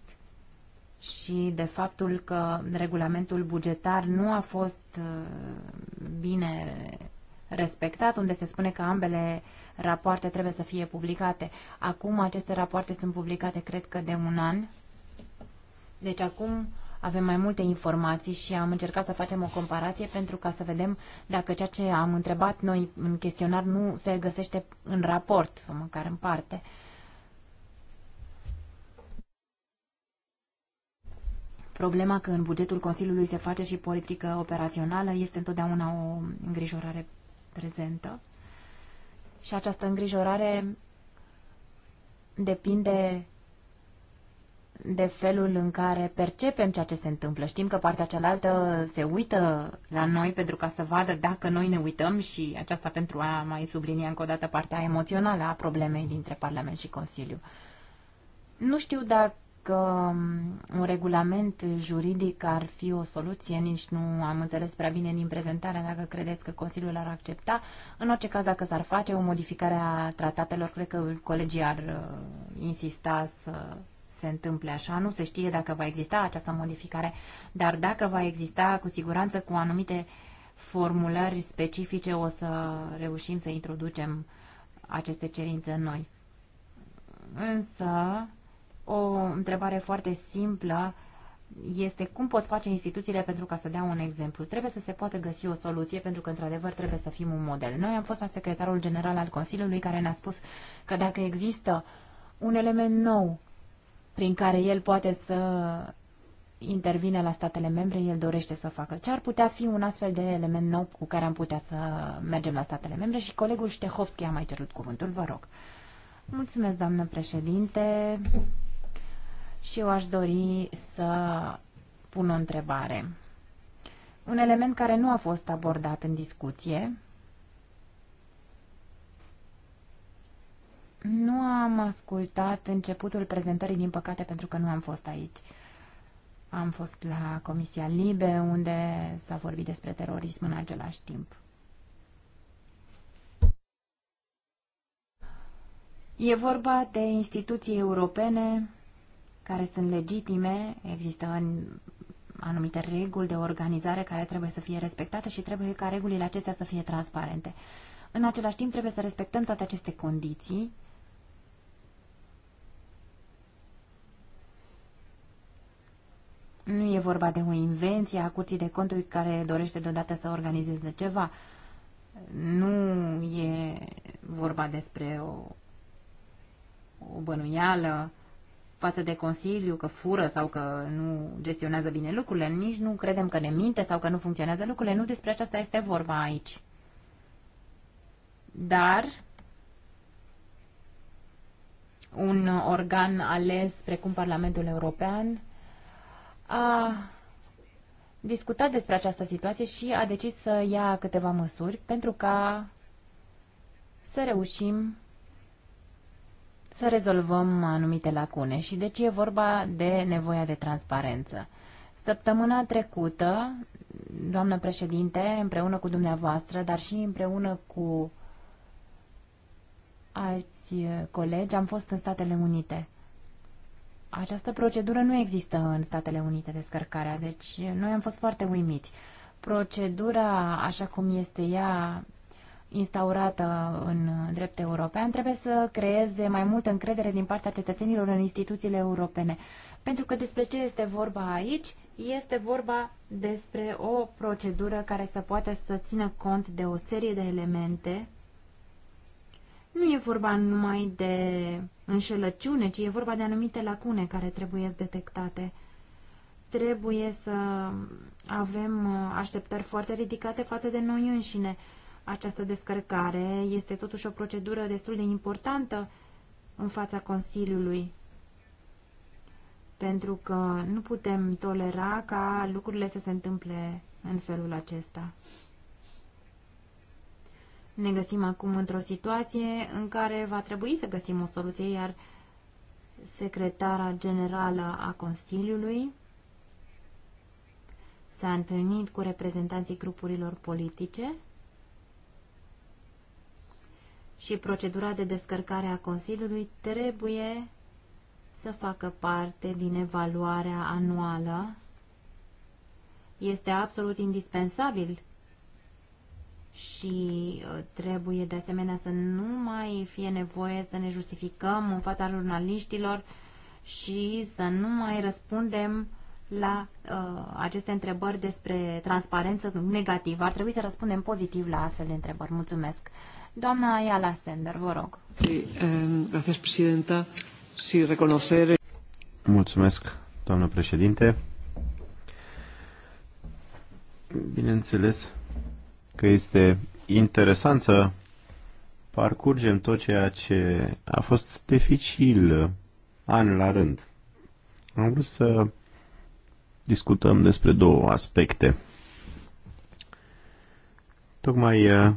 și de faptul că regulamentul bugetar nu a fost uh, bine respectat, unde se spune că ambele rapoarte trebuie să fie publicate. Acum aceste rapoarte sunt publicate, cred că, de un an. Deci acum avem mai multe informații și am încercat să facem o comparație pentru ca să vedem dacă ceea ce am întrebat noi în chestionar nu se găsește în raport sau măcar în parte. Problema că în bugetul Consiliului se face și politică operațională este întotdeauna o îngrijorare prezentă. Și această îngrijorare depinde de felul în care percepem ceea ce se întâmplă. Știm că partea cealaltă se uită la noi pentru ca să vadă dacă noi ne uităm și aceasta pentru a mai sublinia încă o dată partea emoțională a problemei dintre Parlament și Consiliu. Nu știu dacă că um, un regulament juridic ar fi o soluție, nici nu am înțeles prea bine din prezentare dacă credeți că Consiliul ar accepta. În orice caz, dacă s-ar face o modificare a tratatelor, cred că colegii ar uh, insista să se întâmple așa. Nu se știe dacă va exista această modificare, dar dacă va exista, cu siguranță, cu anumite formulări specifice, o să reușim să introducem aceste cerințe noi. Însă, o întrebare foarte simplă este cum pot face instituțiile pentru ca să dea un exemplu. Trebuie să se poată găsi o soluție pentru că, într-adevăr, trebuie să fim un model. Noi am fost la secretarul general al Consiliului care ne-a spus că dacă există un element nou prin care el poate să intervine la statele membre, el dorește să o facă. Ce ar putea fi un astfel de element nou cu care am putea să mergem la statele membre? Și colegul Ștehovski a mai cerut cuvântul, vă rog. Mulțumesc, doamnă președinte. Și eu aș dori să pun o întrebare. Un element care nu a fost abordat în discuție Nu am ascultat începutul prezentării, din păcate, pentru că nu am fost aici. Am fost la Comisia Libe, unde s-a vorbit despre terorism în același timp. E vorba de instituții europene care sunt legitime, există anumite reguli de organizare care trebuie să fie respectate și trebuie ca regulile acestea să fie transparente. În același timp trebuie să respectăm toate aceste condiții Nu e vorba de o invenție a curții de conturi care dorește deodată să organizeze ceva. Nu e vorba despre o, o bănuială față de Consiliu că fură sau că nu gestionează bine lucrurile, nici nu credem că ne minte sau că nu funcționează lucrurile. Nu despre aceasta este vorba aici. Dar un organ ales precum Parlamentul European a discutat despre această situație și a decis să ia câteva măsuri pentru ca să reușim să rezolvăm anumite lacune și deci e vorba de nevoia de transparență. Săptămâna trecută, doamnă președinte, împreună cu dumneavoastră, dar și împreună cu alți colegi, am fost în Statele Unite. Această procedură nu există în Statele Unite descărcarea, deci noi am fost foarte uimiți. Procedura, așa cum este ea instaurată în drept european, trebuie să creeze mai multă încredere din partea cetățenilor în instituțiile europene. Pentru că despre ce este vorba aici? Este vorba despre o procedură care să poate să țină cont de o serie de elemente nu e vorba numai de înșelăciune, ci e vorba de anumite lacune care trebuie detectate. Trebuie să avem uh, așteptări foarte ridicate față de noi înșine. Această descărcare este totuși o procedură destul de importantă în fața Consiliului pentru că nu putem tolera ca lucrurile să se întâmple în felul acesta. Ne găsim acum într-o situație în care va trebui să găsim o soluție, iar secretara generală a Consiliului s-a întâlnit cu reprezentanții grupurilor politice și procedura de descărcare a Consiliului trebuie să facă parte din evaluarea anuală. Este absolut indispensabil și uh, trebuie de asemenea să nu mai fie nevoie să ne justificăm în fața jurnaliștilor și să nu mai răspundem la uh, aceste întrebări despre transparență negativă. Ar trebui să răspundem pozitiv la astfel de întrebări. Mulțumesc. Doamna Ayala Sender, vă rog. Mulțumesc, doamnă președinte. Bineînțeles, că este interesant să parcurgem tot ceea ce a fost dificil an la rând. Am vrut să discutăm despre două aspecte. Tocmai uh,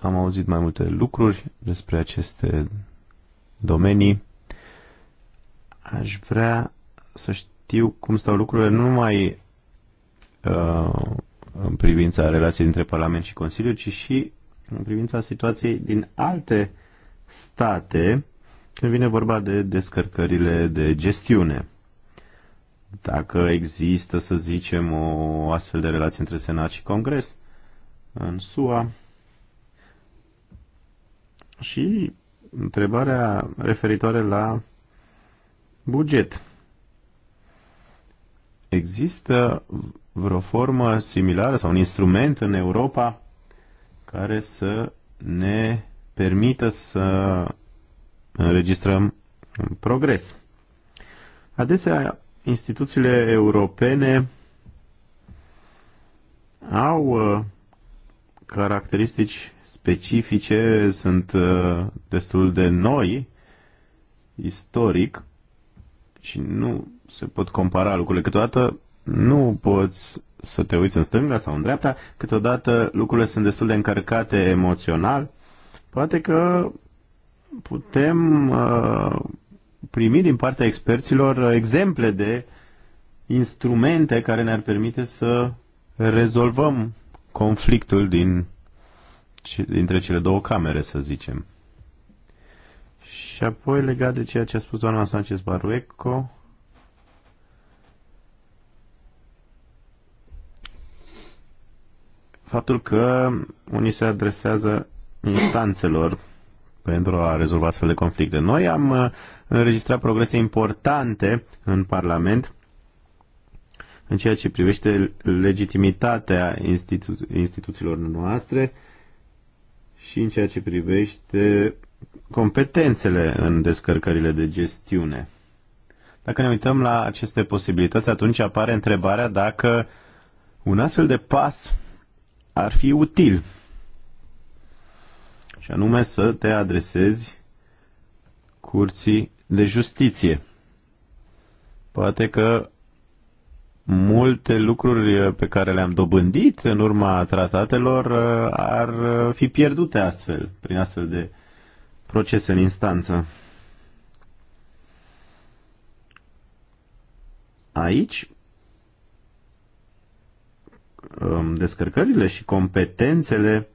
am auzit mai multe lucruri despre aceste domenii. Aș vrea să știu cum stau lucrurile nu numai uh, în privința relației dintre Parlament și Consiliu, ci și în privința situației din alte state când vine vorba de descărcările de gestiune. Dacă există, să zicem, o astfel de relație între Senat și Congres în SUA. Și întrebarea referitoare la buget. Există vreo formă similară sau un instrument în Europa care să ne permită să înregistrăm progres. Adesea, instituțiile europene au uh, caracteristici specifice, sunt uh, destul de noi istoric și nu se pot compara lucrurile. Câteodată nu poți să te uiți în stânga sau în dreapta, câteodată lucrurile sunt destul de încărcate emoțional, poate că putem uh, primi din partea experților exemple de instrumente care ne-ar permite să rezolvăm conflictul din, dintre cele două camere, să zicem. Și apoi, legat de ceea ce a spus doamna Sanchez Barueco, faptul că unii se adresează instanțelor pentru a rezolva astfel de conflicte. Noi am uh, înregistrat progrese importante în Parlament în ceea ce privește legitimitatea institu- instituțiilor noastre și în ceea ce privește competențele în descărcările de gestiune. Dacă ne uităm la aceste posibilități, atunci apare întrebarea dacă un astfel de pas ar fi util. Și anume să te adresezi curții de justiție. Poate că multe lucruri pe care le-am dobândit în urma tratatelor uh, ar fi pierdute astfel, prin astfel de procese în instanță. Aici Um, descărcările și competențele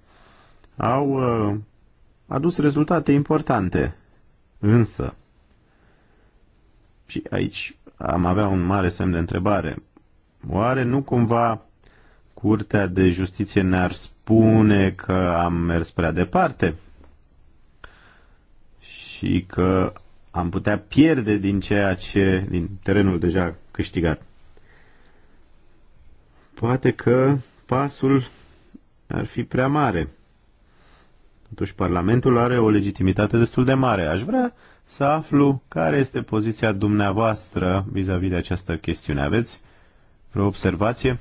au uh, adus rezultate importante. Însă, și aici am avea un mare semn de întrebare, oare nu cumva Curtea de Justiție ne-ar spune că am mers prea departe și că am putea pierde din ceea ce, din terenul deja câștigat? Poate că pasul ar fi prea mare. Totuși, Parlamentul are o legitimitate destul de mare. Aș vrea să aflu care este poziția dumneavoastră vis-a-vis -vis de această chestiune. Aveți vreo observație?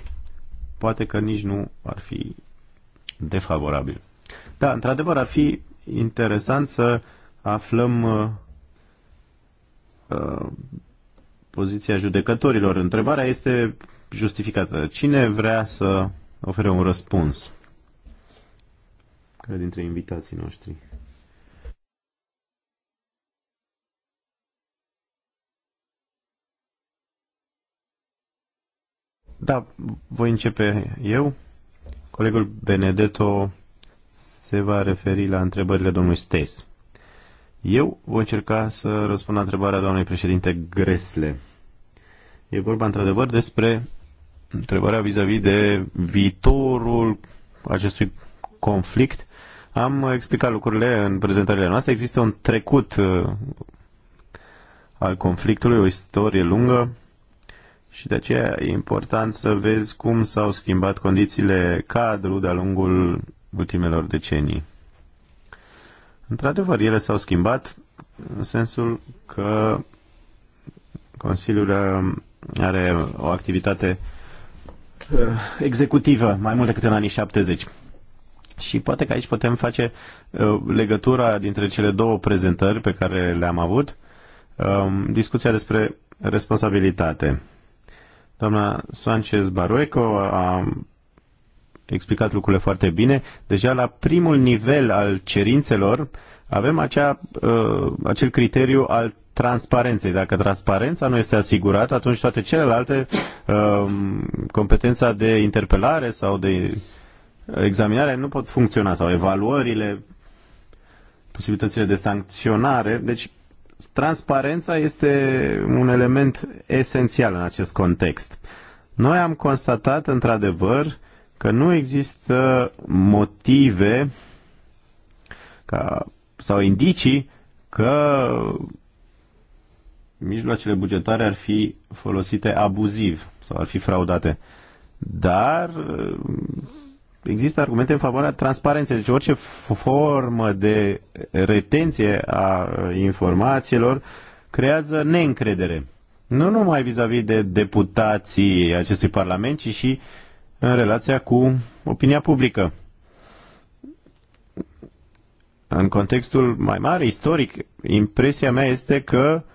Poate că nici nu ar fi defavorabil. Da, într-adevăr, ar fi interesant să aflăm uh, uh, poziția judecătorilor. Întrebarea este justificată. Cine vrea să ofere un răspuns? Care dintre invitații noștri? Da, voi începe eu. Colegul Benedetto se va referi la întrebările domnului Stes. Eu voi încerca să răspund la întrebarea doamnei președinte Gresle. E vorba într-adevăr despre întrebarea vis-a-vis -vis de viitorul acestui conflict. Am explicat lucrurile în prezentările noastre. Există un trecut uh, al conflictului, o istorie lungă și de aceea e important să vezi cum s-au schimbat condițiile cadru de-a lungul ultimelor decenii. Într-adevăr, ele s-au schimbat în sensul că Consiliul are o activitate Uh, executivă, mai mult decât în anii 70. Și poate că aici putem face uh, legătura dintre cele două prezentări pe care le-am avut, um, discuția despre responsabilitate. Doamna Sanchez Barueco a explicat lucrurile foarte bine. Deja la primul nivel al cerințelor avem acea, uh, acel criteriu al transparenței. Dacă transparența nu este asigurată, atunci toate celelalte, um, competența de interpelare sau de examinare nu pot funcționa sau evaluările, posibilitățile de sancționare. Deci transparența este un element esențial în acest context. Noi am constatat într-adevăr că nu există motive ca, sau indicii că mijloacele bugetare ar fi folosite abuziv sau ar fi fraudate. Dar uh, există argumente în favoarea transparenței. Deci orice formă de retenție a uh, informațiilor creează neîncredere. Nu numai vis-a-vis -vis de deputații acestui parlament, ci și în relația cu opinia publică. În contextul mai mare, istoric, impresia mea este că uh,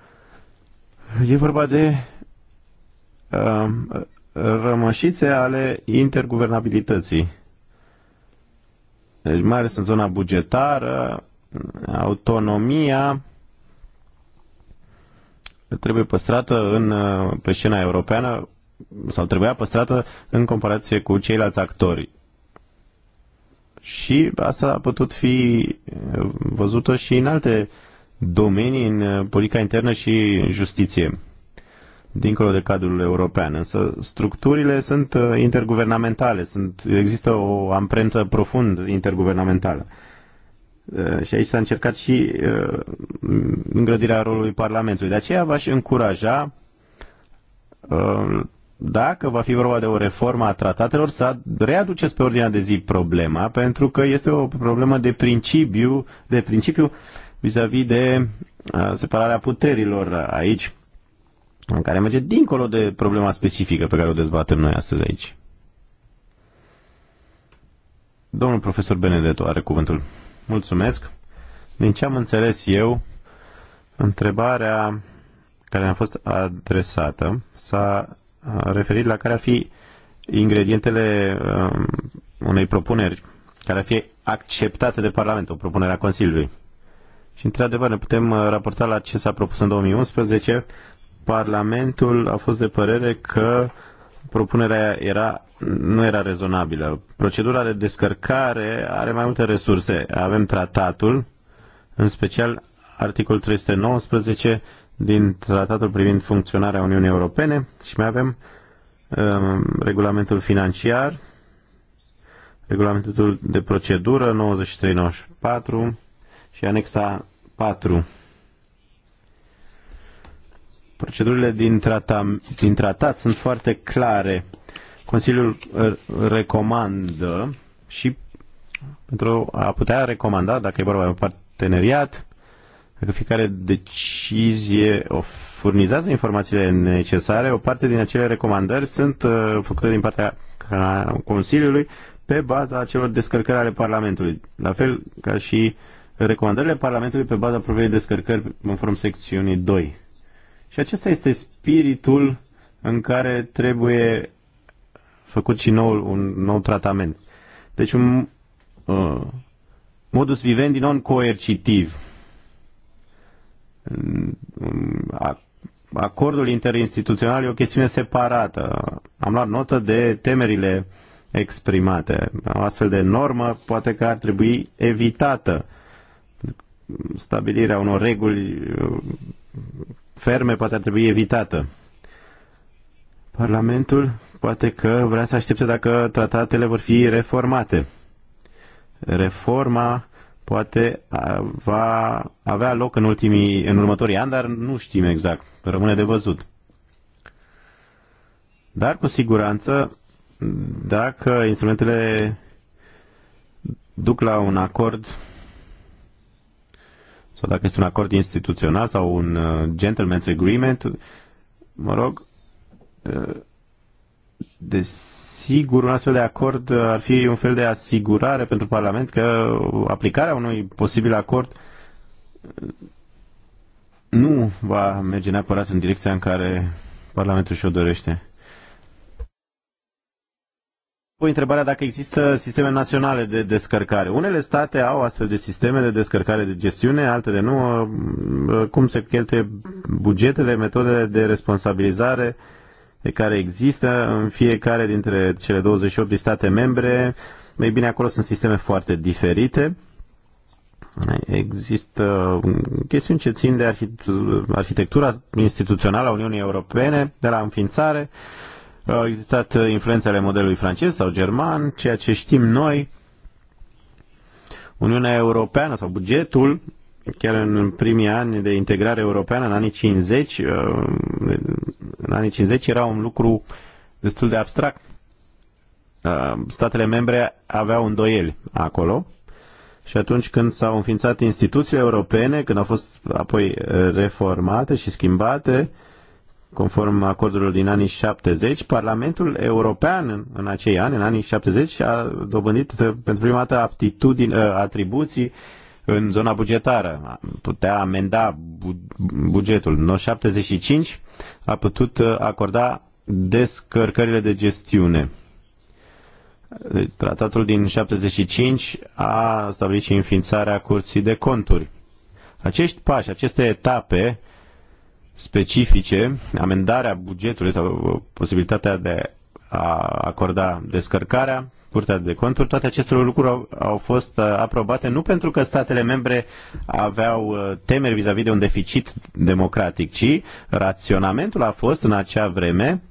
E vorba de uh, rămășițe ale interguvernabilității. Deci mai ales în zona bugetară, autonomia trebuie păstrată în, pe scena europeană sau trebuia păstrată în comparație cu ceilalți actori. Și asta a putut fi văzută și în alte uh, domenii în uh, politica internă și justiție, dincolo de cadrul european. Însă structurile sunt uh, interguvernamentale, sunt, există o amprentă profund interguvernamentală. Uh, și aici s-a încercat și îngrădirea rolului Parlamentului. De aceea v-aș încuraja dacă va fi vorba de o reformă a tratatelor, să readuceți pe ordinea de zi problema, pentru că este o problemă de principiu, de principiu vis-a-vis -vis de separarea puterilor aici, în care merge dincolo de problema specifică pe care o dezbatem noi astăzi aici. Domnul profesor Benedetto are cuvântul. Mulțumesc. Din ce am înțeles eu, întrebarea care a fost adresată s-a referit la care ar fi ingredientele um, unei propuneri care ar fi acceptate de Parlament, o propunere a Consiliului. Și într-adevăr ne putem uh, raporta la ce s-a propus în 2011. Parlamentul a fost de părere că propunerea era, nu era rezonabilă. Procedura de descărcare are mai multe resurse. Avem tratatul, în special articolul 319 din tratatul privind funcționarea Uniunii Europene și mai avem um, regulamentul financiar, regulamentul de procedură 9394 și anexa 4. Procedurile din, trata, din tratat sunt foarte clare. Consiliul uh, recomandă și pentru a putea recomanda, dacă e vorba de un parteneriat, dacă fiecare decizie o furnizează informațiile necesare, o parte din acele recomandări sunt uh, făcute din partea Consiliului pe baza acelor descărcări ale Parlamentului, la fel ca și recomandările Parlamentului pe baza propriei descărcări form secțiunii 2. Și acesta este spiritul în care trebuie făcut și nou un nou tratament. Deci un uh, modus vivendi non-coercitiv. Mm, acordul interinstituțional e o chestiune separată. Am luat notă de temerile exprimate. O astfel de normă poate că ar trebui evitată stabilirea unor reguli uh, ferme poate ar trebui evitată. Parlamentul poate că vrea să aștepte dacă tratatele vor fi reformate. Reforma poate va avea loc în, ultimii, în următorii ani, dar nu știm exact. Rămâne de văzut. Dar cu siguranță, dacă instrumentele duc la un acord sau dacă este un acord instituțional sau un uh, gentleman's agreement, mă rog, uh, desigur, un astfel de acord uh, ar fi un fel de asigurare pentru Parlament că aplicarea unui posibil acord nu va merge neapărat în direcția în care Parlamentul și-o dorește. Voi întrebarea dacă există sisteme naționale de descărcare. Unele state au astfel de sisteme de descărcare de gestiune, altele nu. Cum se cheltuie bugetele, metodele de responsabilizare care există în fiecare dintre cele 28 de state membre. Mai bine, acolo sunt sisteme foarte diferite. Există chestiuni ce țin de arhitectura instituțională a Uniunii Europene, de la înființare, au existat uh, influențele modelului francez sau german, ceea ce știm noi, Uniunea Europeană sau bugetul, chiar în primii ani de integrare europeană, în anii 50, uh, în anii 50 era un lucru destul de abstract. Uh, statele membre aveau îndoieli acolo și atunci când s-au înființat instituțiile europene, când au fost apoi reformate și schimbate, Conform acordurilor din anii 70, Parlamentul European în, în acei ani, în anii 70, a dobândit pentru prima dată aptitudini, ă, atribuții în zona bugetară. Putea amenda bugetul. În 75 a putut ă, acorda descărcările de gestiune. Deci, tratatul din 75 a stabilit și înființarea curții de conturi. Acești pași, aceste etape specifice, amendarea bugetului sau posibilitatea de a acorda descărcarea, Curtea de Conturi, toate aceste lucruri au, au fost uh, aprobate nu pentru că statele membre aveau uh, temeri vis-a-vis -vis de un deficit democratic, ci raționamentul a fost în acea vreme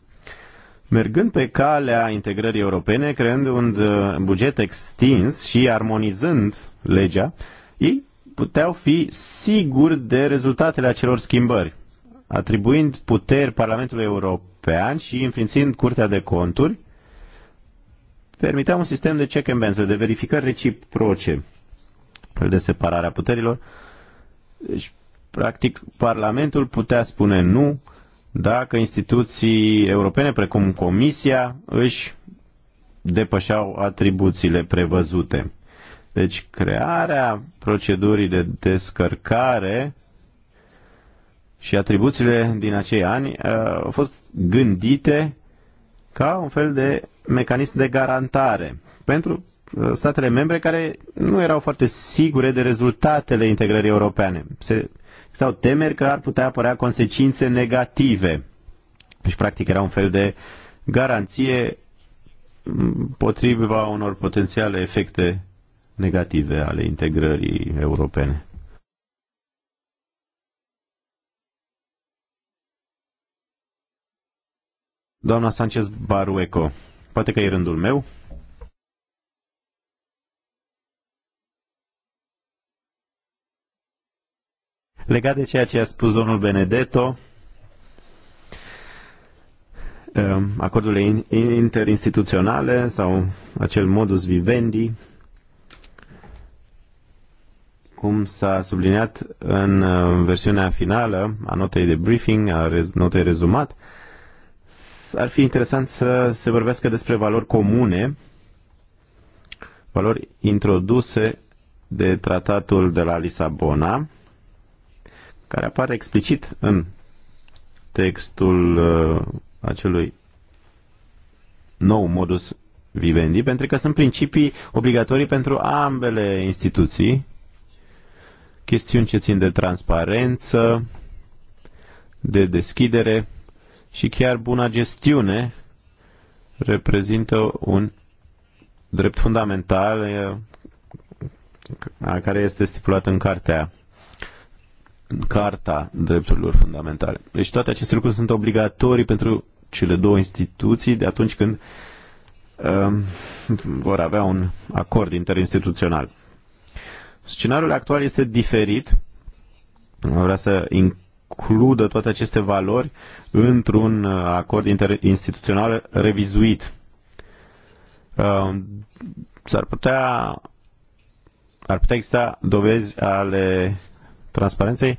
mergând pe calea integrării europene, creând un uh, buget extins și armonizând legea, ei puteau fi siguri de rezultatele acelor schimbări atribuind puteri Parlamentului European și înființând Curtea de Conturi, permitea un sistem de check and balance, de verificări reciproce, de separarea puterilor. Deci, practic, Parlamentul putea spune nu dacă instituții europene, precum Comisia, își depășeau atribuțiile prevăzute. Deci, crearea procedurii de descărcare și atribuțiile din acei ani uh, au fost gândite ca un fel de mecanism de garantare pentru uh, statele membre care nu erau foarte sigure de rezultatele integrării europene. Se, sau temeri că ar putea apărea consecințe negative. Deci, practic, era un fel de garanție potriva unor potențiale efecte negative ale integrării europene. Doamna Sanchez Barueco, poate că e rândul meu. Legat de ceea ce a spus domnul Benedetto, um, acordurile interinstituționale sau acel modus vivendi, cum s-a subliniat în uh, versiunea finală a notei de briefing, a notei rezumat, ar fi interesant să se vorbească despre valori comune, valori introduse de tratatul de la Lisabona, care apare explicit în textul uh, acelui nou modus vivendi, pentru că sunt principii obligatorii pentru ambele instituții, chestiuni ce țin de transparență, de deschidere, și chiar buna gestiune reprezintă un drept fundamental care este stipulat în cartea în Carta Drepturilor Fundamentale. Deci toate aceste lucruri sunt obligatorii pentru cele două instituții de atunci când uh, vor avea un acord interinstituțional. Scenariul actual este diferit. Vreau să includă toate aceste valori într-un uh, acord interinstituțional revizuit. Uh, s-ar putea, ar putea exista dovezi ale transparenței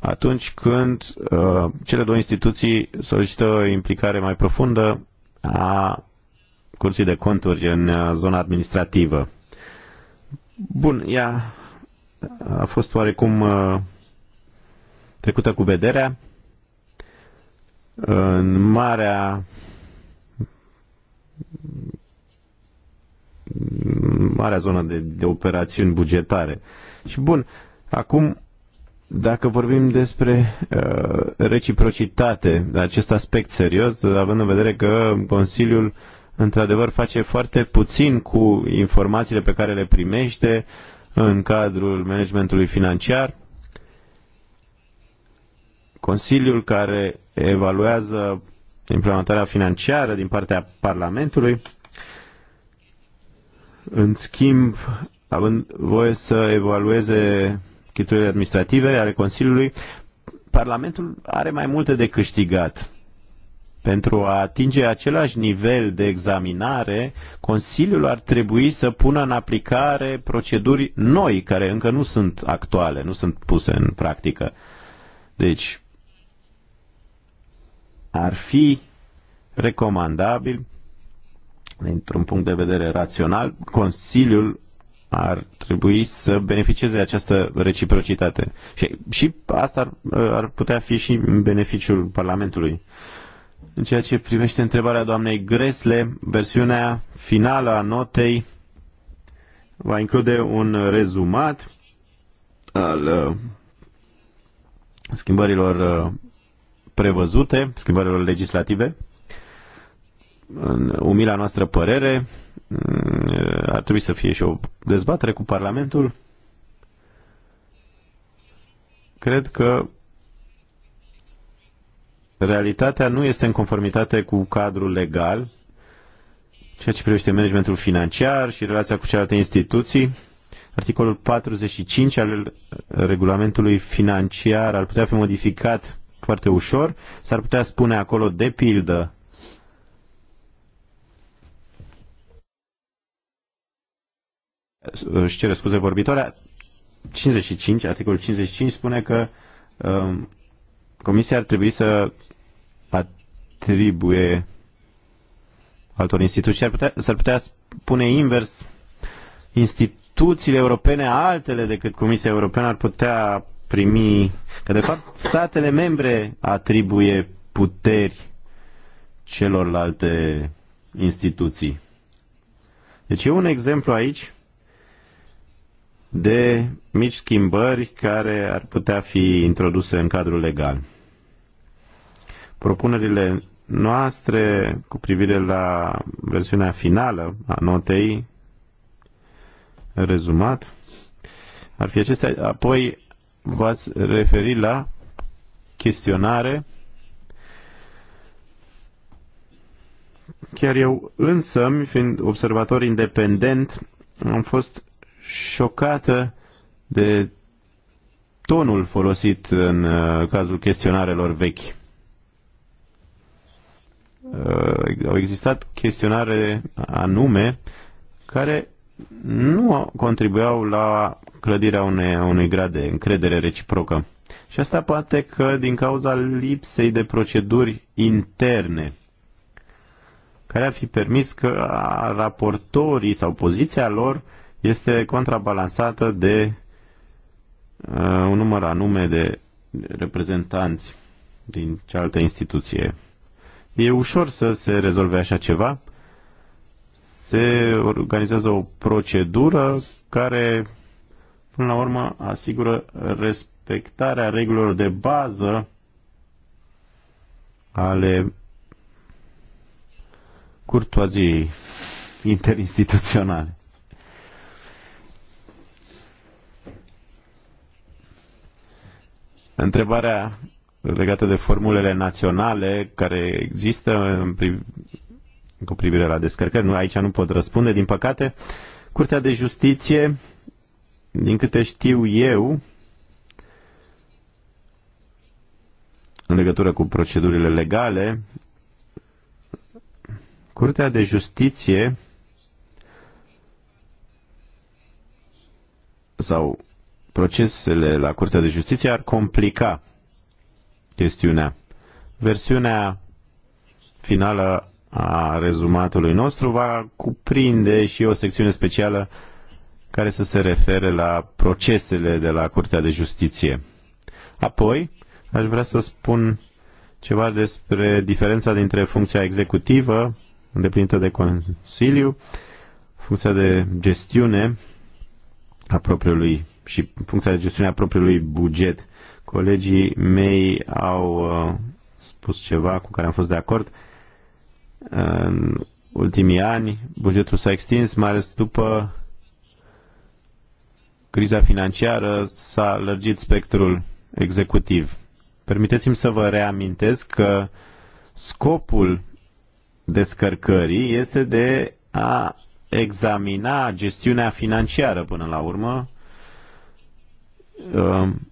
atunci când uh, cele două instituții solicită o implicare mai profundă a Curții de Conturi în zona administrativă. Bun, ea a fost oarecum trecută cu vederea în marea marea zonă de, de operațiuni bugetare. Și bun, acum dacă vorbim despre uh, reciprocitate, acest aspect serios, având în vedere că Consiliul într-adevăr face foarte puțin cu informațiile pe care le primește în cadrul managementului financiar, Consiliul care evaluează implementarea financiară din partea Parlamentului. În schimb, având voie să evalueze chiturile administrative ale Consiliului, Parlamentul are mai multe de câștigat. Pentru a atinge același nivel de examinare, Consiliul ar trebui să pună în aplicare proceduri noi, care încă nu sunt actuale, nu sunt puse în practică. Deci, ar fi recomandabil, dintr-un punct de vedere rațional, Consiliul ar trebui să beneficieze de această reciprocitate. Și, și asta ar, ar putea fi și în beneficiul Parlamentului. În ceea ce privește întrebarea doamnei Gresle, versiunea finală a notei va include un rezumat al uh, schimbărilor uh, prevăzute, schimbările legislative. În umila noastră părere, mm, ar trebui să fie și o dezbatere cu Parlamentul. Cred că realitatea nu este în conformitate cu cadrul legal, ceea ce privește managementul financiar și relația cu celelalte instituții. Articolul 45 al regulamentului financiar ar putea fi modificat foarte ușor. S-ar putea spune acolo, de pildă, își cere scuze vorbitoarea, 55, articolul 55 spune că um, Comisia ar trebui să atribuie altor instituții. Ar putea, s-ar putea spune invers, instituțiile europene altele decât Comisia Europeană ar putea primi, că de fapt statele membre atribuie puteri celorlalte instituții. Deci e un exemplu aici de mici schimbări care ar putea fi introduse în cadrul legal. Propunerile noastre cu privire la versiunea finală a notei rezumat ar fi acestea. Apoi v-ați referit la chestionare. Chiar eu însă, fiind observator independent, am fost șocată de tonul folosit în uh, cazul chestionarelor vechi. Uh, au existat chestionare anume care nu contribuiau la clădirea unei, unei grade de încredere reciprocă. Și asta poate că din cauza lipsei de proceduri interne care ar fi permis că raportorii sau poziția lor este contrabalansată de uh, un număr anume de reprezentanți din cealaltă instituție. E ușor să se rezolve așa ceva se organizează o procedură care, până la urmă, asigură respectarea regulilor de bază ale curtoaziei interinstituționale. Întrebarea legată de formulele naționale care există în cu privire la descărcări. Nu, aici nu pot răspunde, din păcate. Curtea de Justiție, din câte știu eu, în legătură cu procedurile legale, Curtea de Justiție sau procesele la Curtea de Justiție ar complica chestiunea. Versiunea finală a rezumatului nostru va cuprinde și o secțiune specială care să se refere la procesele de la Curtea de Justiție. Apoi, aș vrea să spun ceva despre diferența dintre funcția executivă, îndeplinită de Consiliu, funcția de gestiune a propriului și funcția de gestiune a propriului buget. Colegii mei au uh, spus ceva cu care am fost de acord. În ultimii ani, bugetul s-a extins, mai ales după criza financiară, s-a lărgit spectrul executiv. Permiteți-mi să vă reamintesc că scopul descărcării este de a examina gestiunea financiară până la urmă um,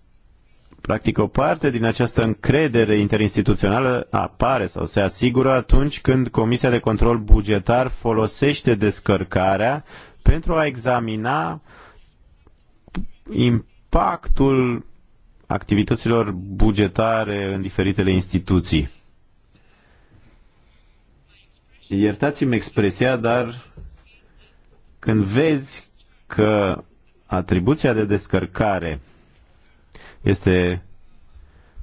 Practic, o parte din această încredere interinstituțională apare sau se asigură atunci când Comisia de Control Bugetar folosește descărcarea pentru a examina impactul activităților bugetare în diferitele instituții. Iertați-mi expresia, dar când vezi că atribuția de descărcare este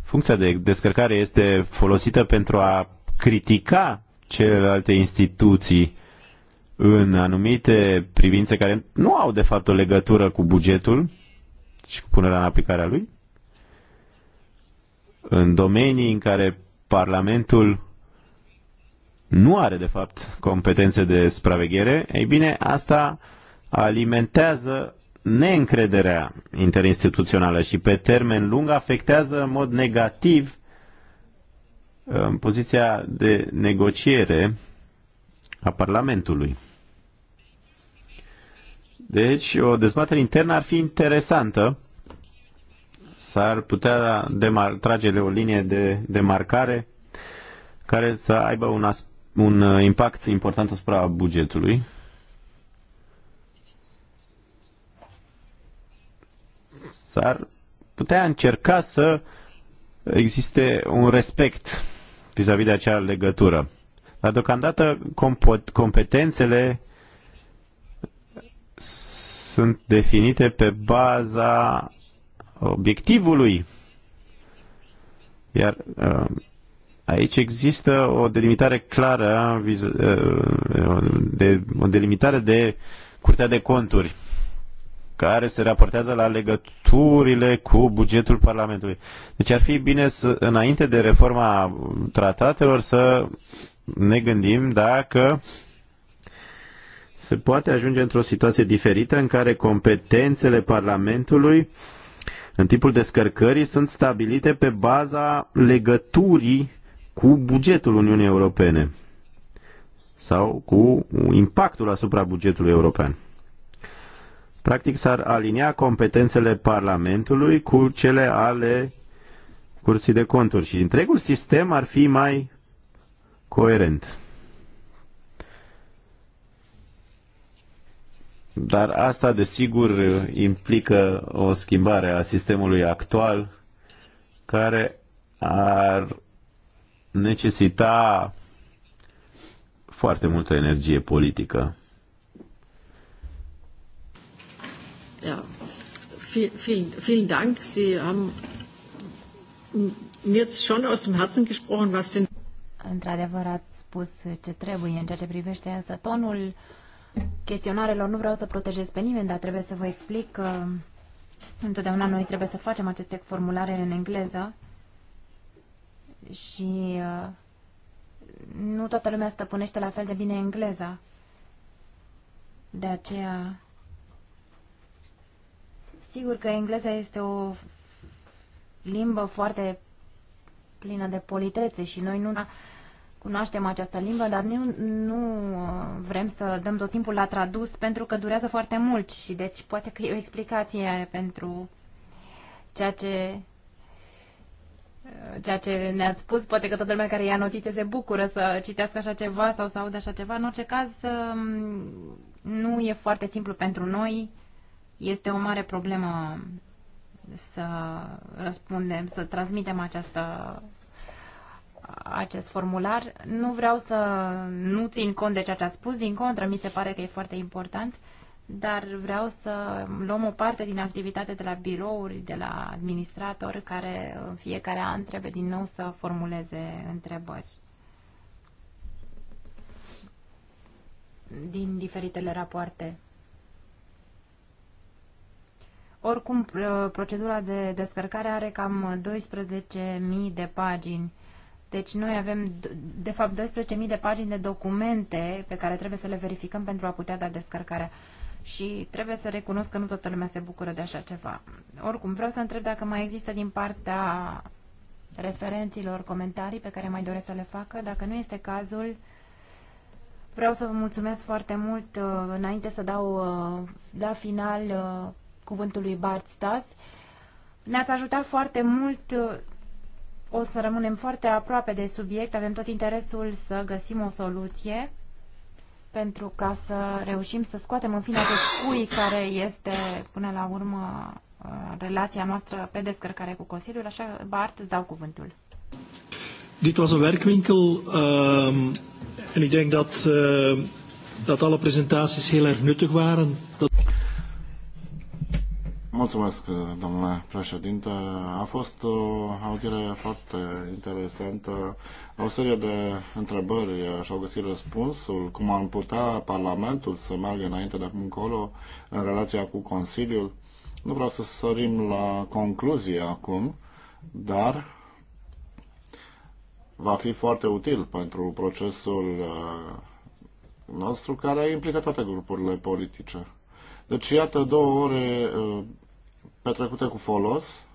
funcția de descărcare este folosită pentru a critica celelalte instituții în anumite privințe care nu au de fapt o legătură cu bugetul și cu punerea în aplicare a lui, în domenii în care Parlamentul nu are de fapt competențe de supraveghere, ei bine, asta alimentează neîncrederea interinstituțională și pe termen lung afectează în mod negativ um, poziția de negociere a Parlamentului. Deci, o dezbatere internă ar fi interesantă. S-ar putea demar- o linie de demarcare care să aibă un, as- un uh, impact important asupra bugetului. s-ar putea încerca să existe un respect vis-a-vis -vis de acea legătură. Dar deocamdată competențele sunt definite pe baza obiectivului. Iar uh, aici există o delimitare clară, uh, uh, de, o delimitare de curtea de conturi care se raportează la legăturile cu bugetul Parlamentului. Deci ar fi bine să, înainte de reforma tratatelor să ne gândim dacă se poate ajunge într-o situație diferită în care competențele Parlamentului în timpul descărcării sunt stabilite pe baza legăturii cu bugetul Uniunii Europene sau cu impactul asupra bugetului european. Practic s-ar alinia competențele Parlamentului cu cele ale Curții de Conturi și întregul sistem ar fi mai coerent. Dar asta, desigur, implică o schimbare a sistemului actual care ar necesita foarte multă energie politică. Ja, viel, vielen, vielen Dank. Sie haben mir jetzt schon aus dem Herzen gesprochen, was denn. Într-adevăr, ați spus ce trebuie în ceea ce privește însă tonul chestionarelor. Nu vreau să protejez pe nimeni, dar trebuie să vă explic că întotdeauna noi trebuie să facem aceste formulare în engleză și uh, nu toată lumea stăpânește la fel de bine engleza. De aceea Sigur că engleza este o limbă foarte plină de politețe și noi nu cunoaștem această limbă, dar nu, nu uh, vrem să dăm tot timpul la tradus pentru că durează foarte mult și deci poate că e o explicație pentru ceea ce uh, ceea ce ne-ați spus, poate că toată lumea care ia notițe se bucură să citească așa ceva sau să audă așa ceva. În orice caz, um, nu e foarte simplu pentru noi este o mare problemă să răspundem, să transmitem această acest formular. Nu vreau să nu țin cont de ceea ce a spus, din contră, mi se pare că e foarte important, dar vreau să luăm o parte din activitate de la birouri, de la administrator care în fiecare an trebuie din nou să formuleze întrebări. Din diferitele rapoarte. Oricum, procedura de descărcare are cam 12.000 de pagini. Deci noi avem, de fapt, 12.000 de pagini de documente pe care trebuie să le verificăm pentru a putea da descărcarea. Și trebuie să recunosc că nu toată lumea se bucură de așa ceva. Oricum, vreau să întreb dacă mai există din partea referenților comentarii pe care mai doresc să le facă. Dacă nu este cazul, vreau să vă mulțumesc foarte mult uh, înainte să dau uh, la final uh, cuvântul lui Bart Stas. Ne-ați ajutat foarte mult, o să rămânem foarte aproape de subiect, avem tot interesul să găsim o soluție pentru ca să reușim să scoatem în fine acest cui care este până la urmă relația noastră pe descărcare cu Consiliul. Așa, Bart, îți dau cuvântul. Dit was een werkwinkel um, en ik denk dat, uh, dat alle presentaties heel erg nuttig waren. Dat... Mulțumesc, domnule președinte. A fost o audiere foarte interesantă. O serie de întrebări și-au găsit răspunsul. Cum am putea Parlamentul să meargă înainte de acum încolo în relația cu Consiliul? Nu vreau să sărim la concluzie acum, dar va fi foarte util pentru procesul uh, nostru care implică toate grupurile politice. Deci, iată două ore uh, petrecute cu folos.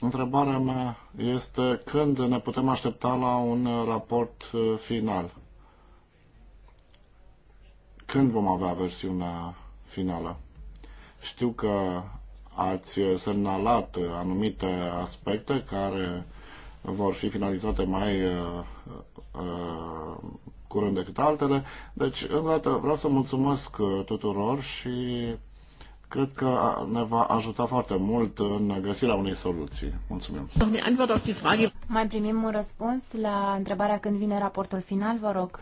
Întrebarea mea este când ne putem aștepta la un uh, raport uh, final? Când vom avea versiunea finală? Știu că ați semnalat anumite aspecte care vor fi finalizate mai uh, uh, curând decât altele. Deci, încă o dată, vreau să mulțumesc uh, tuturor și cred că ne va ajuta foarte mult în găsirea unei soluții. Mulțumim. Mai primim un răspuns la întrebarea când vine raportul final, vă rog.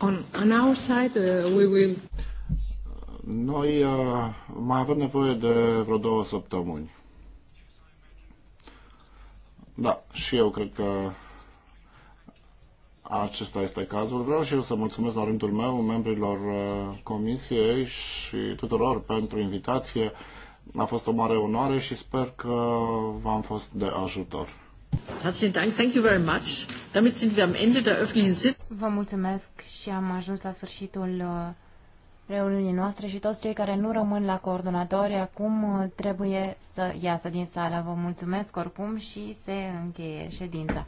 On, on our side, uh, we will... Noi uh, mai avem nevoie de vreo două săptămâni. Da, și eu cred că acesta este cazul. Vreau și eu să mulțumesc la rândul meu membrilor uh, comisiei și tuturor pentru invitație. A fost o mare onoare și sper că v-am fost de ajutor. Herzlichen Dank, thank you very much. Damit sind wir am Ende der öffentlichen Sitzung. Vă mulțumesc și am ajuns la sfârșitul uh, reuniunii noastre și toți cei care nu rămân la coordonatori acum uh, trebuie să iasă din sală. Vă mulțumesc oricum și se încheie ședința.